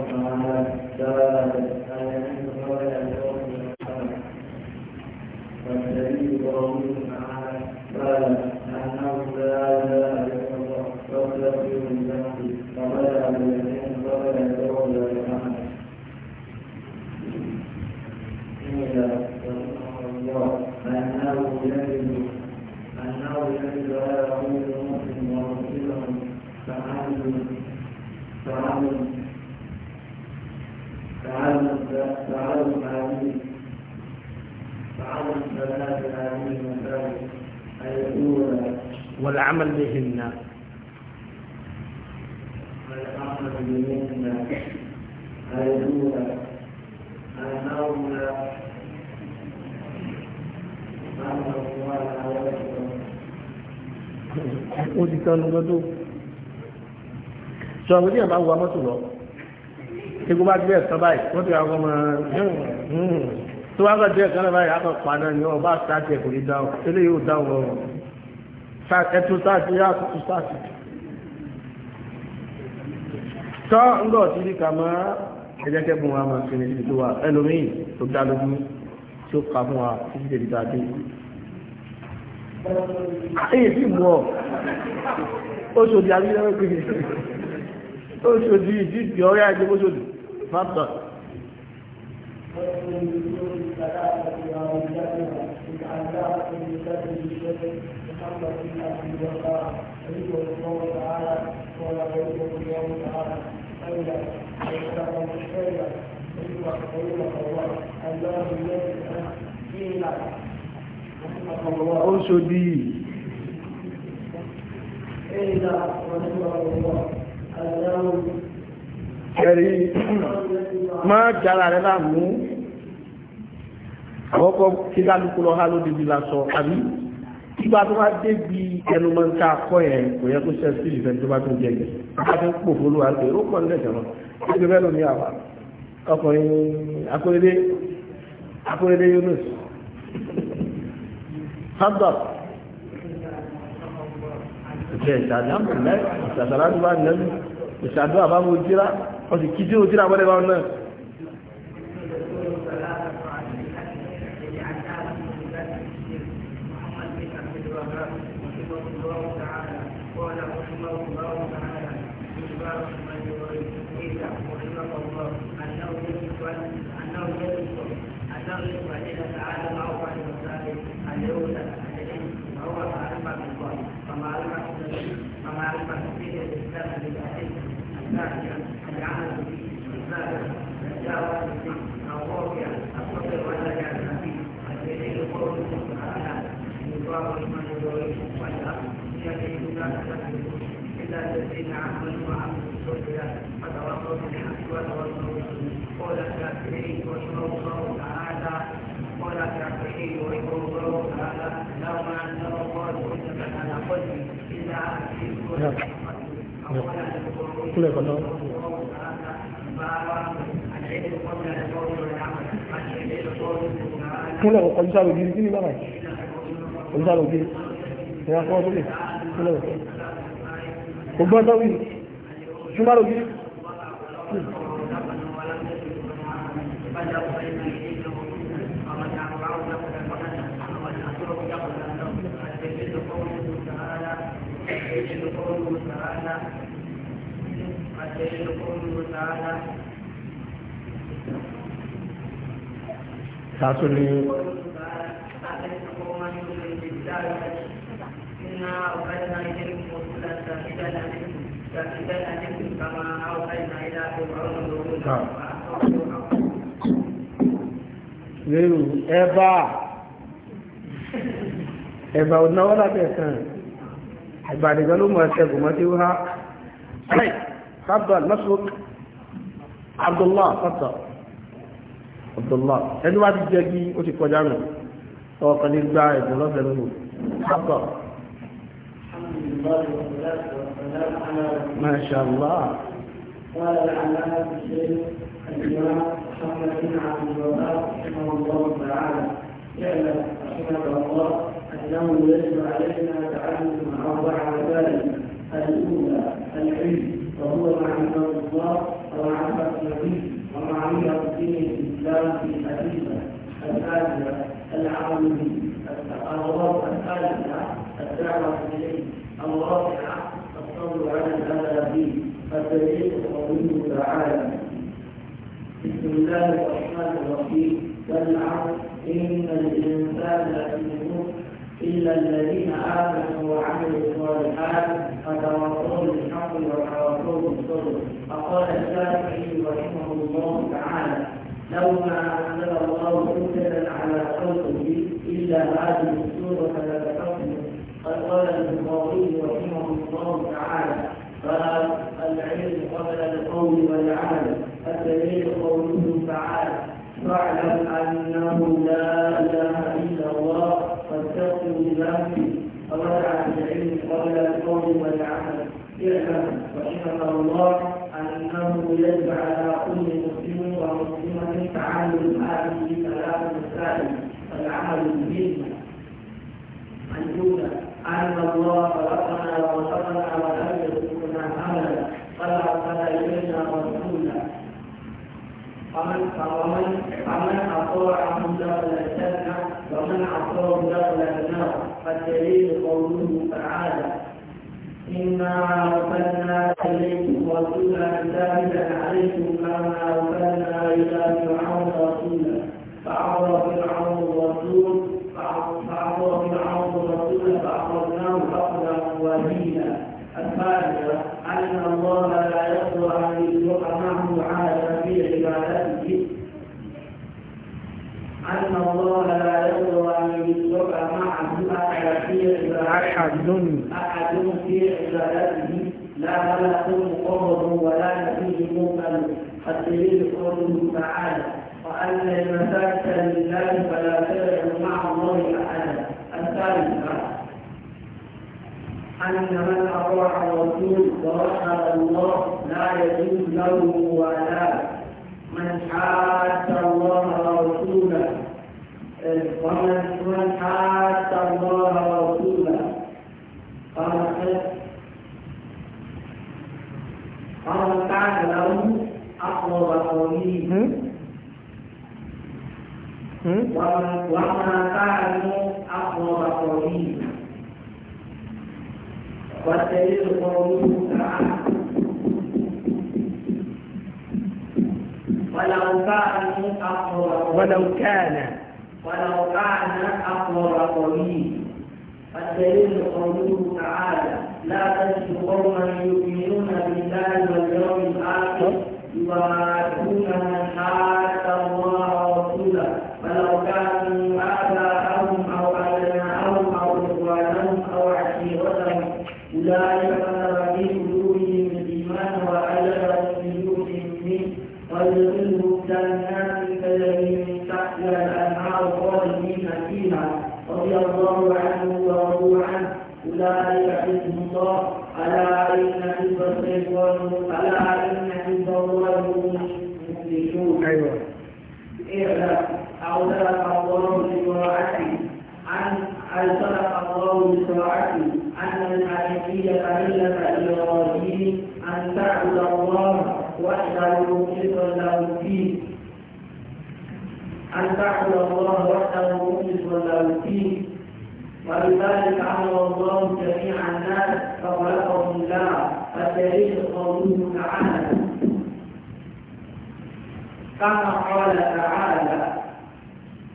A: sọ àwọn èèyàn bá wọ mọ́tò lọ egun bá gbé ẹ̀sán báyìí wọ́n ti wá wọ́n máa hmm, hmm. tó wá gbé ẹ̀sán báyìí á paná ni ọba sáàtì ẹ̀ ní dáhùn eléyìí ò dáhùn ọ̀rọ̀ ẹ̀tún sáàtì yá àkókò sáàtì. tọ́ ń bọ̀ sí ní kàmá ẹjẹ́ kẹ́bùn wa máa fi ní ibi tó wà ẹlòmíì tó dá lójú tó kà fún wa títí débi tá a dé. èyí sì mú ọ
C: ó ṣòdì àbí lẹ́wọ́
A: kékeré ó ṣòdì ìdíjì ọ̀rẹ́ àjẹmọ́ ṣòdì fábdọ̀. Ó ṣòdì. Ẹ̀yìn náà, wọ́n ti wà lọ́wọ́ ẹ̀rí máa jára rẹ̀ láàmú àkọ́kọ́ kí kálukú lọ há lóde bí lásọ àbí ìgbà tó wá débi ẹnu máa ń ká akọ́ yẹn kò yẹ kó ṣe sí ìfẹ́ tó bá tún jẹgẹ bá tún pò fólú wa ó pọ̀ ní ẹ̀jẹ̀ ẹgbẹ́ bẹ́ẹ̀ ló ní ọkùnrin akóredé akóredé Yunus Hamdan
C: ìfẹ́ ìṣàdúrà bá mú jíra
A: wọ́n sì kí tí ó jíra wọ́n kúlẹ̀ kan náà. kúlẹ̀ kọ̀ kí ni bàbá yìí kọjú sáré ògiri ìyá kọ́ sókè kúlẹ̀ kọ̀ ògbọ́n tó wí ṣùgbọ́n تعصرني
B: إنا أوحينا إليكم رسولا شاهدا عليكم شاهدا عليكم كما أوحينا إلى
A: فرعون رسولا lérò ẹ̀bà ẹ̀bà ò náwó lábẹ́ kan ẹ̀bà nìkan ló mọ̀ ẹ̀ṣẹ̀gùn mọ́ tí ó há تفضل مسلك عبد الله تفضل عبد الله ẹni واحد ti jẹ́ kí ó ti قليل nù ọkàn ní تفضل ما شاء الله قال
C: العلامة الشيخ الإمام محمد بن عبد الوهاب رحمه الله تعالى اعلم رحمك الله أنه يجب علينا تعلم
A: أربع مسائل الأولى العلم فهو معرفة الله ومعرفة النبي ومعرفة دين الإسلام في الأدلة الآلهة العمل به التقرب الدعوة إليه
C: الواقعة الصبر على الأذى به الدليل قوله
A: تعالى بسم الله الرحمن الرحيم والعصر إن الإنسان يموت إلا الذين آمنوا وعملوا الصالحات فتواصوا بالحق وتواصوا بالصبر فقال الشافعي رحمه الله تعالى لو ما أنزل الله مبتدا على خلقه إلا هذه السورة لتحكم قد قال البخاري رحمه الله تعالى فالعلم قبل القول والعمل الدليل قوله تعالى فاعلم أنه لا إله إلا الله واستغفر لذنبي أودع بالعلم
B: قبل القول والعمل اعلم رحمك الله أنه يجب على كل مسلم ومسلمة تعلم هذه ثلاث مسائل
A: العمل بهن يقول أن الله خلقنا وخلقنا ولم يكن عملا خلقنا إلينا رسولا فمن فمن فمن أطاعه دخل الجنة ومن عصاه دخل النار فالدليل قوله تعالى
B: إنا أرسلنا إليكم رسولا شاهدا عليكم كما أرسلنا إلى فرعون رسولا فأعطى فرعون
A: الرسول فأعطى فرعون الرسول فأخذناه أخذا وبيلا لقوله تعالى وأن المساجد لله فلا تدعوا مع الله أحدا الثالثة أن من أطاع الرسول ورحم الله لا يجوز له موالاة من حاد الله ورسوله ومن من حاد الله ورسوله قال قال تعالى له أقرب قولهم وما تعلم أقرب قولهم والدليل قوله تعالى ولو كانوا أقرب ولو كان ولو كان أقرب قولهم الدليل قوله
B: تعالى لا تجد قوما يؤمنون بالله واليوم الآخر يضادون من حاد الله ورسوله ولو كانوا آباءهم أو أبناءهم أو إخوانهم أو عشيرتهم
A: أولئك كتب في قلوبهم الإيمان وأجرهم بنور
B: منه ويدخلهم جنات تجري من تحتها الأنهار خالدين فيها رضي الله عنه ورضوا عنه أولئك حزب الله ألا إن حزب الشيطان ألا إن أو
A: سلك الله بسرعتي عن أو سلك الله بسرعتي أن أن تعبد الله وحده مخلصا له الدين أن تعبد الله وحده مخلصا له الدين ولذلك أمر الله جميع الناس فخلقهم الله فالدليل قوله تعالى كما قال تعالى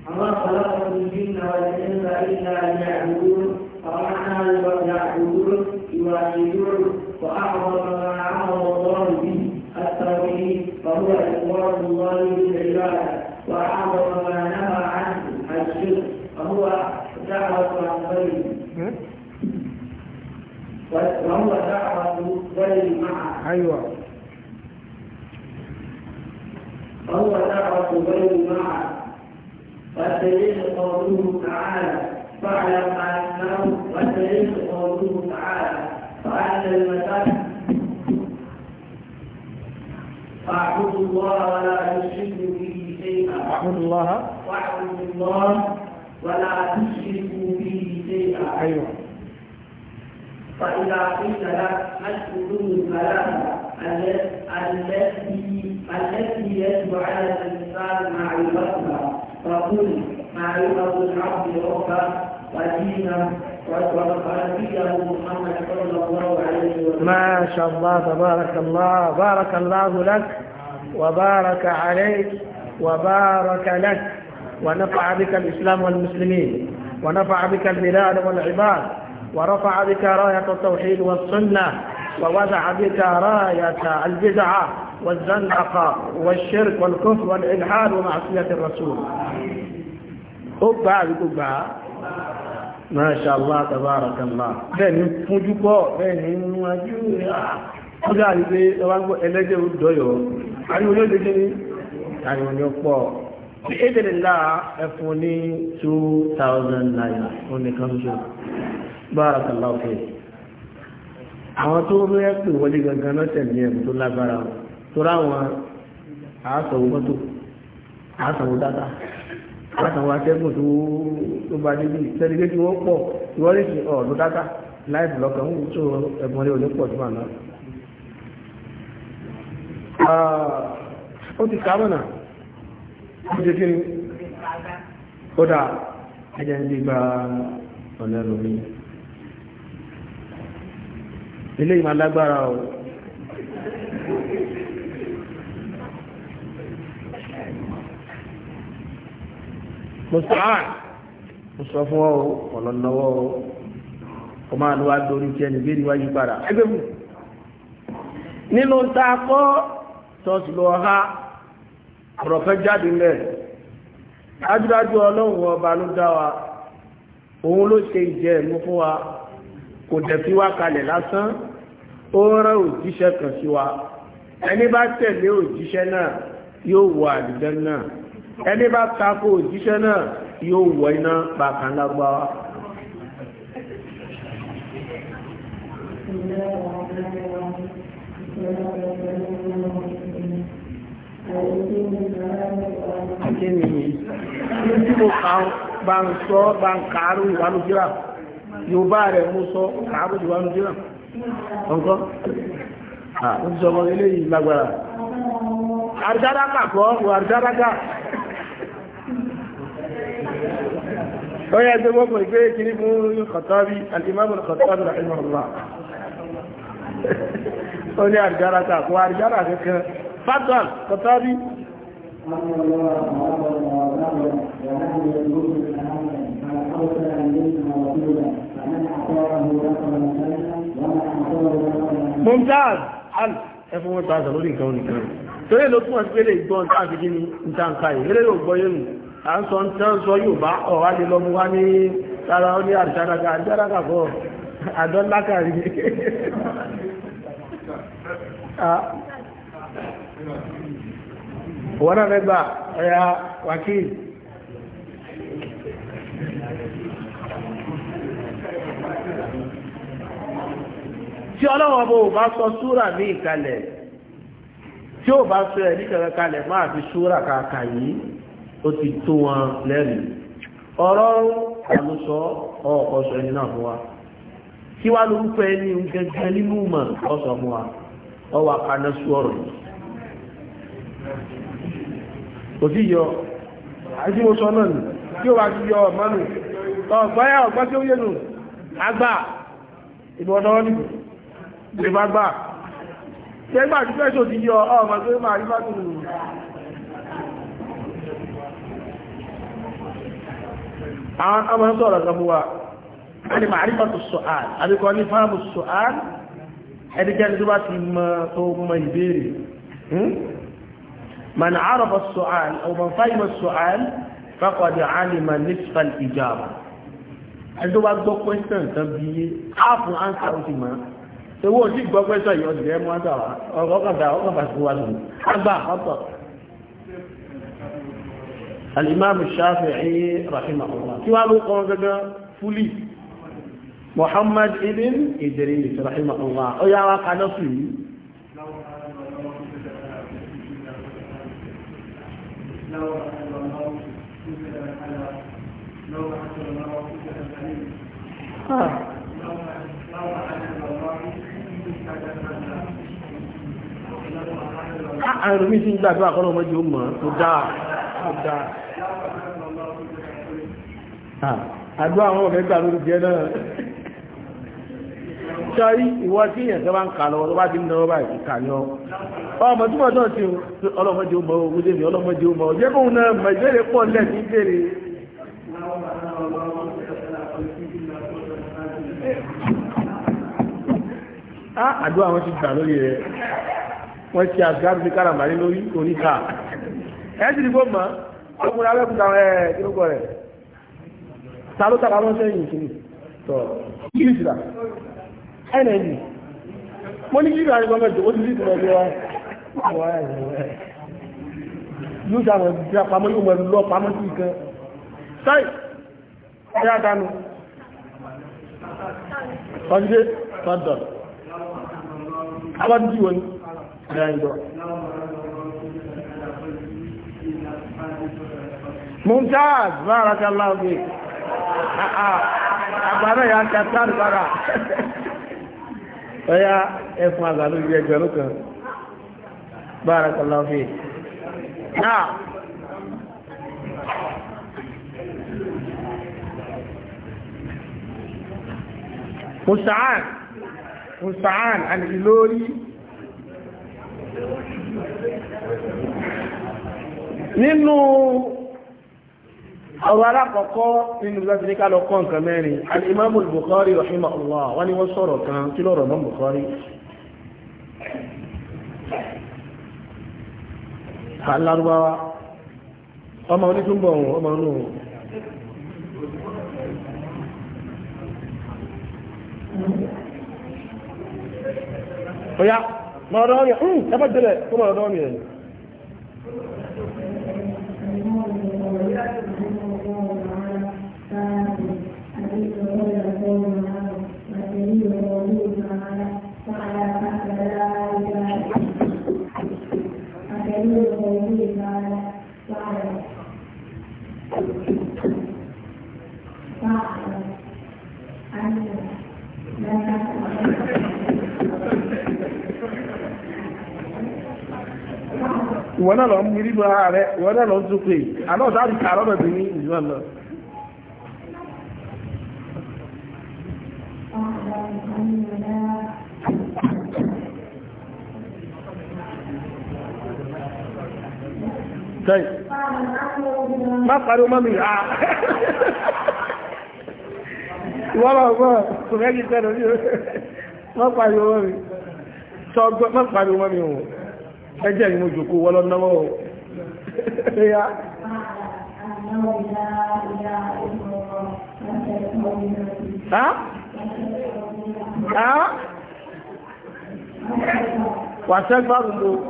A: وما خلقت الجن والإنس إلا ليعبدون فمعنى يعبدون يواجدون وأعظم ما أمر الله به التوحيد فهو اخوان الله بالعبادة وأعظم ما نهى عنه الشرك فهو دعوة غيره وهو دعوة غير معه أيوه فهو تعرف بين معه والدليل قوله تعالى فاعلم انه والدليل قوله تعالى فأهل المساجد فاعبد الله ولا تشرك به شيئا واعبد الله واعبد الله ولا تشركوا به شيئا أيوة فإذا قيل لك ما الحدود الثلاثة التي التي يجب على الإنسان معرفتها فقل معرفة العبد ربه ودينه ما شاء الله تبارك الله بارك الله لك وبارك عليك وبارك لك ونفع بك الإسلام والمسلمين ونفع بك البلاد والعباد ورفع بك راية التوحيد والسنة ووضع بك راية البدعة والزندقة والشرك والكفر والإلحاد ومعصية الرسول أبا بأبا ما شاء الله تبارك الله بين فوجبا بين وجوه ọjọ́ àríwé ọwọ́gbọ́ ẹlẹ́jẹ́ òdòyọ̀ àríwé ló lè ní àríwé ní ọpọ̀ ní èdèlélà ẹfún ní 2009 ó nìkan ṣe bára kàlá òkè àwọn tó ló yẹ pé wọlé gangan náà tẹ̀lé ẹ̀bùn tó lágbára o torí àwọn àásọ̀wò mọ́tò àásọ̀wò dáta àásọ̀wò atẹ́gùn tó tó bá débi tẹ́lẹ̀ pé kí wọ́n pọ̀ ìwọ́lé sí ọ̀ọ́dún dáta láìpù lọ́kàn ń tó ẹ̀bùn rẹ̀ ò ní pọ̀ tó àná. ó ti kà mọ̀nà ó ti kí ni ó dà ẹ̀jẹ̀ ń gbígba ọ̀nà ẹlòmíràn ilé ìmọ̀ alágbára o mùsùlùmí ah! mùsùlùmí fún ọ ọ̀lọ́lọ́wọ́ ọmọ àlúwà lórí tí ẹni gbérí wáyé padà ẹgbẹ́ mú nínú ta kọ́ tọ́sí lọ jáde mẹ́ dájúdájú ọlọ́run ọba ló dá wa òun ló ṣe ìjẹ́ ìmú fún wa kò dẹ̀ fi wá kalẹ̀ lásán ó rán òjíṣẹ́ kan sí wa ẹni bá tẹ̀lé òjíṣẹ́ náà yóò wọ àdìdẹ́ náà ẹni bá tako òjíṣẹ́ náà yóò wọ iná bàkan lágbáwá
B: Akínìyí, tí mo kà
A: bá ń sọ bá ń kàárù ìwánújíra, Yorùbá rẹ̀ mú sọ kàárù ìwánújíra ọ̀nkọ́ ó ti sọmọ ilé yìí lágbára àrídádáka kọ́ wọ àrídádáka ó yẹ ẹgbẹ́ mọ́kàn ìgbé kiri fún Al-Khattabi al-Imam Al-Khattabi rahimahullah
C: ó ní àrídádáka kọ́
A: àrídádáka kankan fatan Khattabi
B: Thank you
A: mumtaz al ẹfún wọn tààzà lórí nǹkan oníkan torí ló túnmọ̀ sí pélé ìgbọ́n tààfi kí ni ìtànkà yìí eré yóò gbọ́ yẹnu à ń sọ ń sọ yóò bá ọ̀rá lè lọ́mú wá ní tara ó ní àdìsáraga àdìsáraga bọ̀ àdọ́láka rí wọ́n náà mẹ́gbà ọ̀yà wákìlì tí ọlọ́wọ́ bó bá sọ súrà ní ìkalẹ̀ tí ó bá sọ ẹ̀ níkẹ̀kẹ́ kalẹ̀ máa fi súrà kàkà yìí ó ti tó wọn lẹ́rìí ọ̀rọ̀ àlùsọ ọ̀ọ̀kọ̀ sọ ẹni náà fún wa kí wá lórúkọ ẹni gẹ́gẹ́ nínú mọ̀ ọ̀sọ̀ fún wa ọwọ́ akáná sú ọ̀rọ̀
C: kò sí yọ àti mo sọ náà nù tí ó wá ti yọ
A: ọ̀mọ́nù ọ̀gbọ́yà ọ̀gbọ́ tí ó yẹ nù àgbà ìbọ̀dọ́ nìbò lè bá gbà tẹ́gbà tí fẹ́ṣò ti yọ ọmọ tó máa rí bá tún lù àwọn ọmọ ń sọ̀rọ̀ kan fún wa ẹni máa rí bá tún sọ̀án àbíkọ́ ní fáàmù sọ̀án ẹnikẹ́ni tó bá ti mọ tó mọ ìbéèrè من عرف السؤال أو من فهم السؤال فقد علم نصف الإجابة ẹjọ́ bá gbọ́ question tàbí owó tí gbọ́ pẹ́sọ̀ yọ jẹ́ mọ́tà ọgọ́kàdà ọgọ́kàdà wà lónìí agbá ọ̀tọ̀ alìmáàmù Shafi'i rahimahullah tí wá ló kọ́ gẹ́gẹ́ fúlì Muhammad ibn Idris rahimahullah ó yá wá kaná sí
C: Ah. àrùn ah, ah, mi sí gbàdúrà kọ́nà ọmọdé ó mọ̀ tó dáa tó dáa
A: ah, àdúrà àwọn ọ̀fẹ́ gbà lórí jẹ́ náà sọ́rí ìwọ tí èèyàn tó bá ń kà lọ tó bá ti ń náwó báyìí kà ní ọ ọmọ tí wọ́n náà ti ọlọ́mọdé ó mọ owó débi ọlọ́mọdé àwọn ti gbà lórí rẹ̀ wọ́n ti àgbàrù sí káràmàrí lórí oríkà ẹ̀ẹ́sì ní gbọ́mọ̀ ọkùnrin abẹ́kùnrin àwọn ẹ̀ẹ́ kí ló kọ́ rẹ̀ ta ló tàbá lọ́sẹ̀ yìí sí ni tọ́ yíṣìlá ẹ̀nà yìí mo ní yíṣìlá ní gọ́ọ̀mẹ̀tì ó ti rí ìtumọ̀ ẹgbẹ́ wa yóò ṣe àwọn ìdíra pamọ́ yóò mọ̀ lọ pamọ́ sí ìkan sáì ẹ̀yà dánú ọdún dé tọ́dọ̀
C: abájú wọn ni Ẹ̀rọ.
A: Mumtaz, barakallahu fik.
C: Àgbàdo ah, ah. ya ń kàtà nìbára.
A: Ọya ẹfun àgbàdo yìí ẹgbẹ̀rún kan. Barakallahu fik. Náà. Mùsàán, Mùsàán, àlè lórí nínú ọ̀rọ̀ alákọ̀ọ́kọ́ nínú láti ní kálọ̀ kọ́ nǹkan mẹ́rin alìmọ́mù Bukhari rahimahullah wọ́n ni wọ́n sọ̀rọ̀ kan kí lọ́rọ̀ mọ́ Bukhari alárúbáwá ọmọ onítúnbọ̀ ọ̀hún ọmọ onú ọ̀hún ما رايحين تبدل كما دوام يعني Thank you. ìwọ náà lọ ń mú nínú ara rẹ ìwọ náà lọ ń tún pé àná ọ̀tá ti kà lọ́dọ̀ bí ní ìlú náà lọ. Tẹ́yì. Má pariwo mọ́ mi rà. Ìwọ́n máa gbọ́ kò fẹ́ kí n tẹ́lẹ̀ ní o. Má pariwo mọ́ mi. Sọ gbọ́ má pariwo mọ́ mi o ẹjẹ́ ni mo jòkó wọ́n lọ́nàwọ́ o ẹ̀yà
B: wàṣẹ́gbàrún
A: ló wọ́n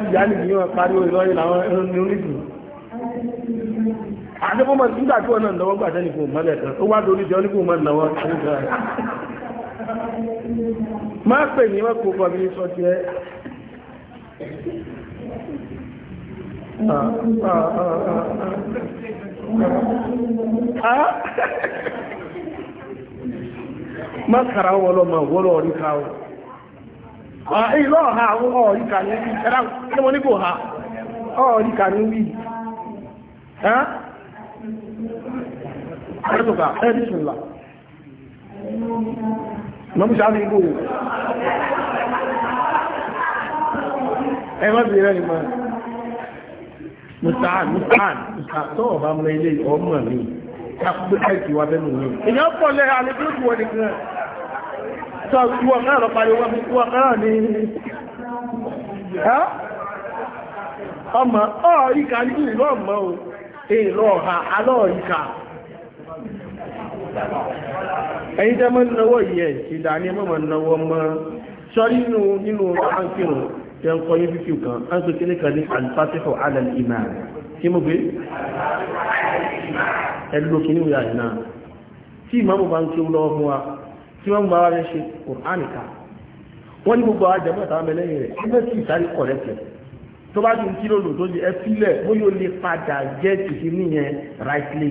A: ti jà nìyí wọn parí ìlọ́yìn àwọn oníṣìí àti ọmọ nígbà tí wọ́n náà lọ́wọ́ gbà tẹ́lẹ̀ fún mọ́lẹ̀ kan ó wá lórí jẹ́ oníkùn mọ́ lọ́wọ́
C: má pè ní wọ́n kò
A: kọ́ bí sọ ti ẹ́ má kàrà wọn lọ mọ̀ wọ́n lọ́ọ̀rí ká o èyí lọ́ọ̀ àwọn ọ̀rí kà ní wí ẹ̀rá ní mo ní ọ̀rí kà ní wí àrẹ́tùkà ẹ̀rìṣùnlá
C: mọ́mùsá ní igbó ẹwọ́n bí rẹ̀ nìmọ̀
A: mùsàn mùsàn mùsàn tó ọ̀bá mọ́ ilé ọmọ mi kápẹ́ àìsí wa bẹ́nu mi èyàn pọ̀ lẹ́ àlejòkú wọn nìkan sọ ìwọ̀n náà lọ pariwo wọn náà ní ọmọ ọ̀ ìkà ní ìlú o èèlọ́ ọ̀ha alọ́ ìkà ẹ̀yin tẹ́ mọ́ náwó yìí ẹ̀ ṣe dà ní mọ́mọ́ náwó mọ́ sọ́rí nínú nínú ánkìrùn tẹ́ ń kọ́ yín fífi kan á ń pè kíní kan ní alifásífọ̀ alẹ́ ìmọ̀ kí mo gbé ẹlò kìíní ìyá ìná tí ìmọ̀mù bá ń kí ó lọ́wọ́ fún wa tí wọ́n bá rẹ̀ ṣe kùránìká wọ́n ní gbogbo àjẹmọ́ ìtàwọn mẹ́lẹ́yìn rẹ̀ ẹgbẹ́ tí ìsáré kọ̀rẹ́tẹ̀ tó bá ti ń kí lòlò tó di ẹ sílẹ̀ bóyá ó lè padà jẹ́ tìṣí nìyẹn rightly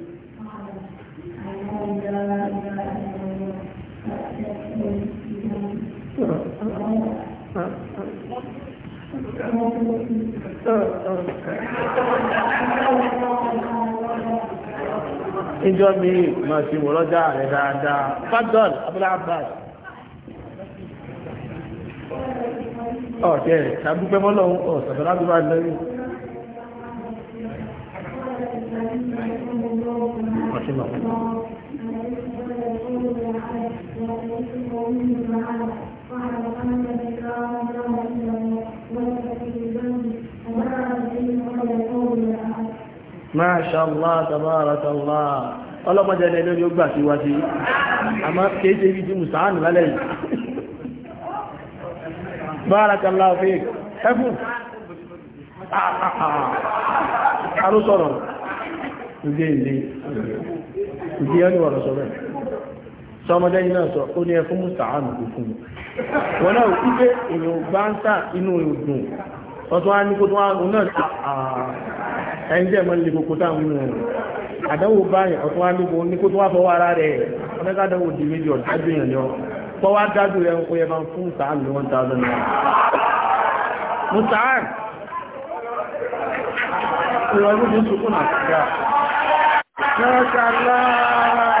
A: ìjọ mi máa ṣe wọ́lọ́jà rẹ̀ dáadáa fadol abúlé abbas
C: ọ̀tẹ̀ ṣàdúpẹ́ mọ́lọ́hún
A: ọ̀sàbẹ̀lá tó lẹ́yìn ọ̀ṣìmọ̀ Máṣàlá tàbáratàlá. Ọlọ́pàá ẹni lórí ó gbà sí wá sí. A máa kéé ṣe ibi tí Mùsàánù lálẹ́ yìí. Bárakàlá fèé. Ẹkùn.
C: Àrùsọ̀rọ̀. Ìgbé ìlé. Ìgbé ọ́nìwọ̀rọ̀ sọ̀rọ̀.
A: sọmọdẹ́yìn náà sọ ó ní ẹkún mùsàánù kò fún wọn náà kú èèyàn bá ń inú ìdùn ọtún á ní kó tó wá òun náà ta ẹni jẹ́ kókó táwọn inú àdánwò báyìí ọtún ní kó ara one ìrọ̀lú àti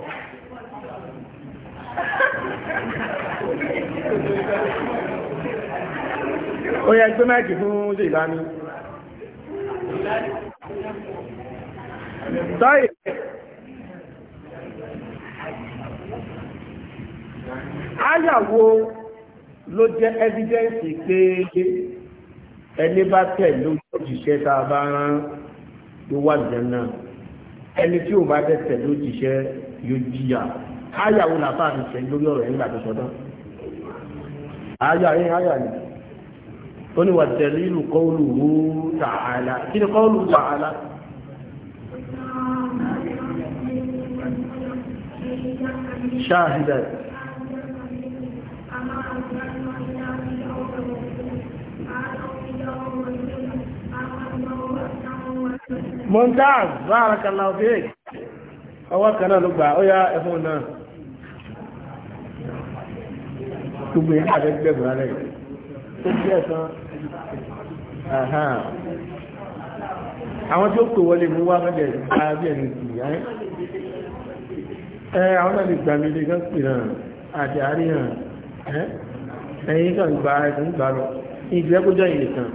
C: ó yẹ gbé mẹ́ẹ̀kì fún ṣe ìlànà tọ́yì
A: áyàwó ló jẹ́ ẹ́fídẹ́ǹsì pé ẹni bá tẹ̀ ló jíṣẹ́ tá a bá rán ló wà jẹ́nà ẹni tí ò bá tẹ̀ ló jíṣẹ́ yóò jìyà áyàwó làbá àti ṣẹ́ lórí ọ̀rọ̀ ẹ̀ nígbà tó sọdán àyà yìí àyà ni ó ní wà dalilu qawluhu ta'ala Kini ni qawluhu ta'ala ṣáàhìdà montaz barakallahu fik ọwọ́ kan náà ló gbà ó
C: gbogbo yẹn àti ẹgbẹ̀rún rẹ̀
A: tó bí ẹ̀sán àwọn tí ó pè wọlé mú wá mẹ́jẹ̀ àbí ẹ̀rìn ìyá ẹ̀ àwọn náà lè gbà mí lè kán pè náà àti àríyàn ẹ̀yìn kan gba ẹ̀sùn gbà lọ ìgbẹ́ kó jẹ́ ìlè kan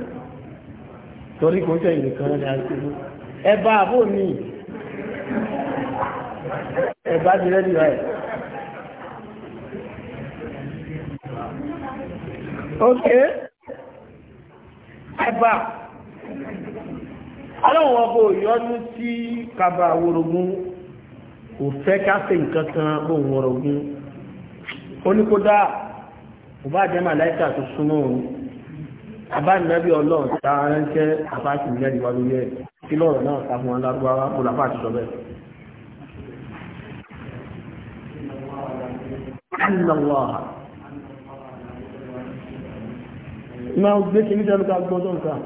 A: torí kò jẹ́ ìlè kan ní àìsíkú ẹ̀bá àbò ní
C: ẹ̀bá ti rẹ́dì rẹ̀ ok ẹ̀bà
A: aláwọ̀ ọbọ̀ ìyọ́nú tí kaba worogun kò fẹ́ ká ṣe nǹkan kan bó worogun ó ní kó dá kò bá jẹ́ màláìka tó súnmọ́ òun àbá ìnábí ọlọ́run tá a ránṣẹ́ àbáṣì mẹ́rin wá lórí ẹ̀ kí lọ́rọ̀ náà ta fún wọn lárúbáwá mo àti sọ bẹ́ẹ̀. Allah ما وجدت ميزة لك على البوزون كان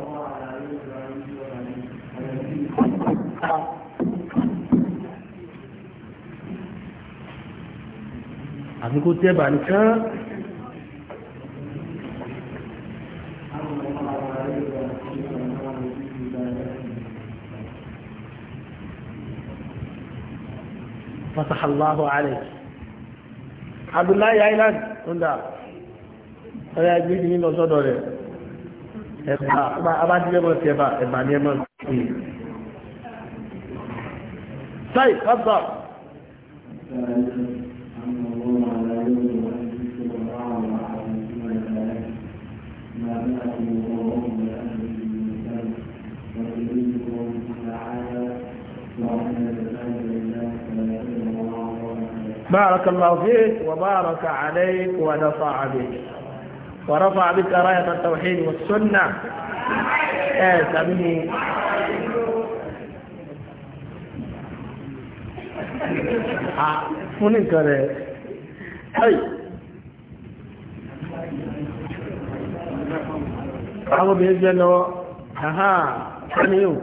A: أنا قلت يا فتح الله عليك عبد الله يا إلهي ọ̀rẹ́ agbègbè nínú ọ̀sọ́dọ̀ rẹ̀ ẹ̀bà abájílẹ́mọ̀ sí ẹ̀bà ẹ̀bà ní ẹ̀mọ̀ sí sáì pápá بارك الله فيك وبارك عليك ونفع بك ورفع بك راية التوحيد والسنة آسمه من كره أي أبو بيجلو ها ها أيوه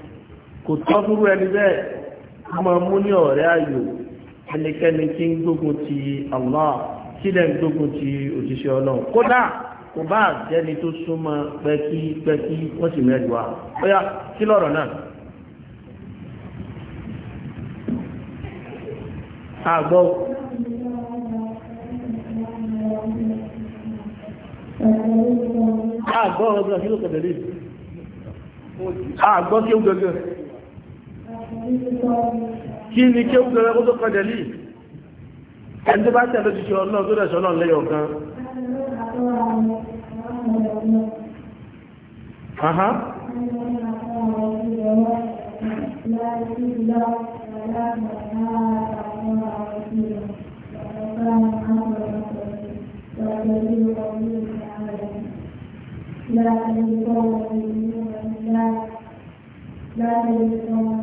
A: kò tọ́ fúrú ẹni bẹ́ẹ̀ a máa mú ní ọ̀rẹ́ ayò ẹnikẹ́ni tí ń gbógun ti Allah sílẹ̀ ń gbógun ti òṣìṣẹ́ ọlọ́run kódà kò bá jẹ́ni tó súnmọ́ pẹ́kípẹ́kí wọ́n sì mẹ́rin wá bóyá kí lọ́rọ̀ náà. àgbọ̀ àgbọ̀ ọ̀rọ̀ bí wọ́n fi lókè tẹ̀lé àgbọ̀ kí ó gẹ́gẹ́.
B: kí ni kí ó gbẹ̀rẹ̀
A: kó tó kọjẹ̀ lì ẹni tó bá tẹ̀ lójú ṣe ọlọ́run tó dẹ̀ṣọ́ náà lẹ́yọ̀ kan aha
B: لا يقوم لا لا يقوم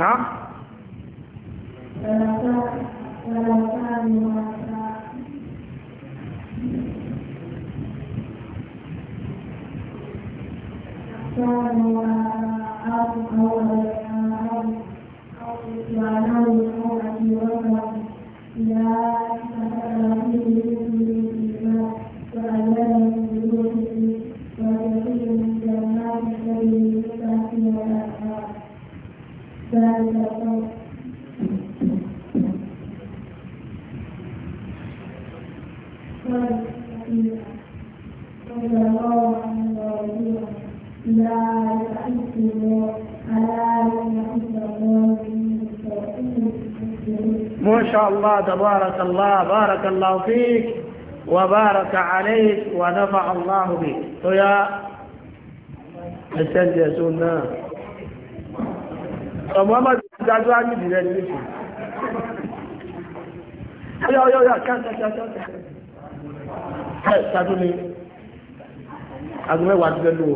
B: náà Thank you.
A: الله تبارك الله بارك الله فيك وبارك عليك ونفع الله بك فيا ẹ̀sẹ̀lẹ̀ ẹ̀sọ́ náà ọmọ ọmọ ìdájọ́ àmìdì rẹ̀ ní
C: ìfẹ́
A: ọyọ́ ọyọ́ ọyọ́ kátàkátà ẹ̀ sàtún ni agbẹ́wàá ti lẹ́lú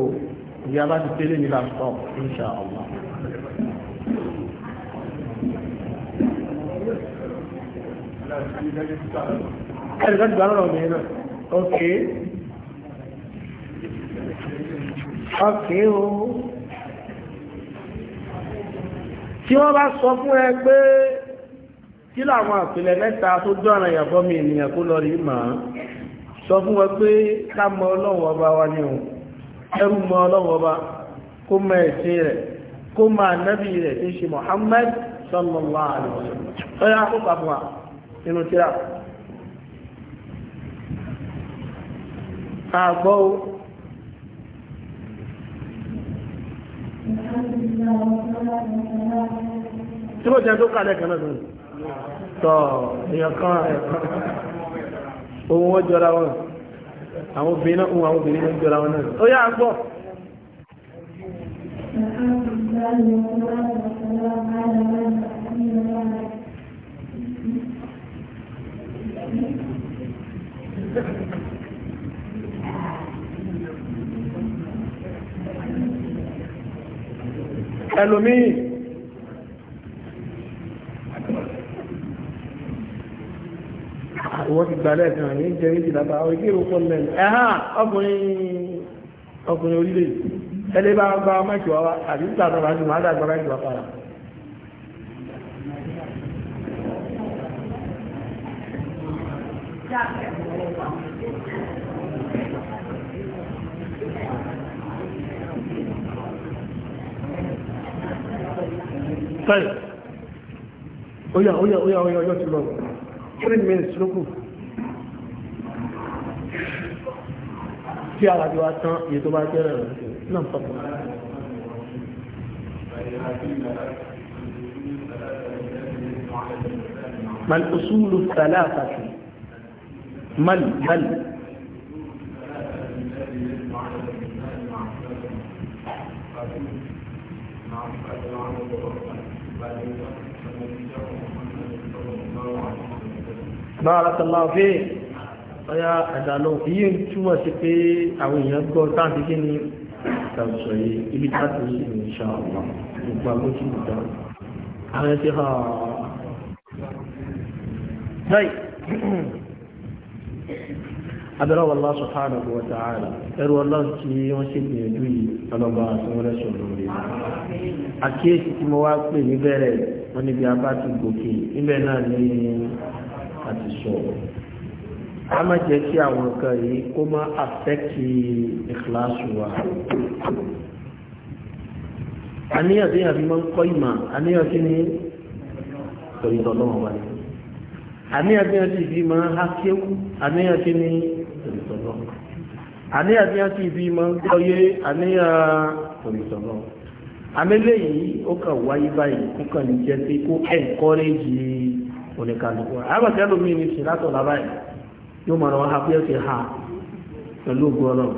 A: ìyá bá ti tẹ́lẹ̀ ní lásán ìṣà ọmọ ẹ̀rì láti gbà lọ́rọ̀ mẹ́rin náà ok ok o tí wọ́n bá sọ fún ẹ pé kí làwọn àpilẹ̀ mẹ́ta tó dọ́ràn ìyàbọ̀ mi ènìyàn kó lọ rí màá sọ fún wọn pé ká mọ ọlọ́run ọba wa ni òun ẹrù mọ ọlọ́run ọba kó mọ ẹ̀sìn rẹ̀ kó mọ ànábì rẹ̀ tí ń ṣe Muhammad sallallahu alaihi wasallam ọ̀yà àkókò àbúrò nínú tíra àgbọ́ o tí ó jẹ́ tó kàlẹ̀ kanáà tó tọ́ èyàn kan ohun wọ́n jọra wọn àwọn obìnrin náà ohun àwọn obìnrin náà jọra wọn náà ó yá àgbọ́
B: Thank you.
A: ẹlòmíì wọ́n ti gbalẹ̀ ẹ̀sìn àmì jẹ́ méjìlá bá àwọn ìgbé ìrọ̀pọ̀ lẹ́nu ẹ̀hà ọkùnrin ọkùnrin orílẹ̀ ẹlẹ́ bá bá mẹ́jọ wa àbí ìgbà tó bá ti máa dàgbà mẹ́jọ wa padà.
C: Yeah. طيب
A: ويا ويا ويا ويا ويا ويا ويا ويا ويا ويا
C: ويا ويا يتوبا كيرا
A: نعم طبعا
C: ما الأصول
A: الثلاثة مل مل
C: Thank you.
A: bárakàláwò pé ọya ẹ̀dàlọ́ yìí ń túmọ̀ sí pé àwọn èèyàn gbọ́ táàbí kí ni ìtàkùsọ̀ yìí ibi táàbí sí ní ṣàwọ̀ gbogbo ìdá àwọn ẹ̀sìn hàn án. abẹ́rẹ́wọ̀ Allah subhanahu wa ta'ala ẹrù ọlọ́run tí wọ́n sì yìí tí wọ́n lẹ́sọ̀ lórí àkíyèsí tí mo wá pè níbẹ̀rẹ̀ níbi abá ti gòkè níbẹ̀ náà ní àti a má jẹ́ àwọn nǹkan yìí kó má àfẹ́kì wa àníyàn tí yàrá fi máa ń kọ́ ìmọ̀ àníyàn tí ní wa ni àníyàn tí yàrá fi máa ń àníyàn tí ní àníyàn tí wọ́n ti fi mọ́ ń a àníyàn tòmìtọ̀nà amẹ́lẹ́ yìí ó kàn wáyé báyìí kó ní jẹ́ pé kó ẹ̀ńkọ́rẹ́jì oníkàlùkù àbàtẹ́ ní sinatọ̀ lábáyìí yóò ha
D: pẹ̀lú
A: ògùn ọlọ́run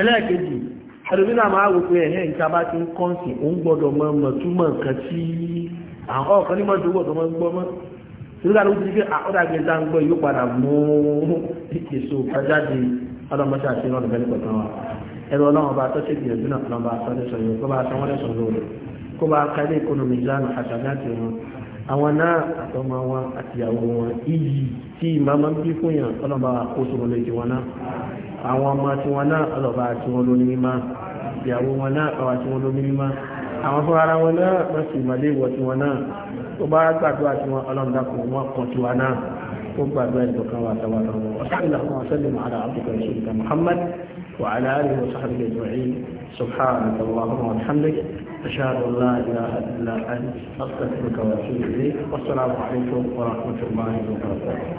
A: ẹlẹ́ẹ̀kejì máa ẹ̀hẹ́ nǹkan bá ti ń gbọ́dọ̀ mọ́ tí àwọn ọ̀kan ní mọ́tò gbọ́dọ̀ mọ́ gbọ́ mọ́ ti àkọ́dàgbẹ́ta ń gbọ́ yóò padà mú èso kájáde ọlọ́mọṣẹ́ àti ìrọ̀lù bẹ́ẹ̀ kọ̀ọ̀kan wa ẹ̀rọ ọlọ́run bá tọ́sí ìgbìyànjú náà lọ́ba àtọ́lẹ́sọ yìí kó bá aṣọ wọn lẹ́sọ lóore kó bá kálí ìkónómì ìlànà àtàláàtì wọn àwọn náà àtọmọ wọn àtìyàwó wọn iyì tí ìmọ̀ máa ń bí fún yàn ọlọ́ba àkóso wọn lójú wọn náà àwọn ọmọ tí wọn náà ọlọ́ba àti wọn lóní mímá ìyàwó wọn náà àti wọn lóní mímá àwọn fún ara wọn náà wọ́n sì mọ̀lé tí wọn náà tó bá gbàdúrà tí wọn ọlọ́run dákùn wọn kàn tí wọn náà رب ذلك كما تواتر وصلى الله وسلم على عبدك ورسولك محمد وعلى اله وصحبه اجمعين سبحانك اللهم وبحمدك اشهد ان لا اله الا انت استغفرك واتوب اليك والسلام عليكم ورحمه
C: الله وبركاته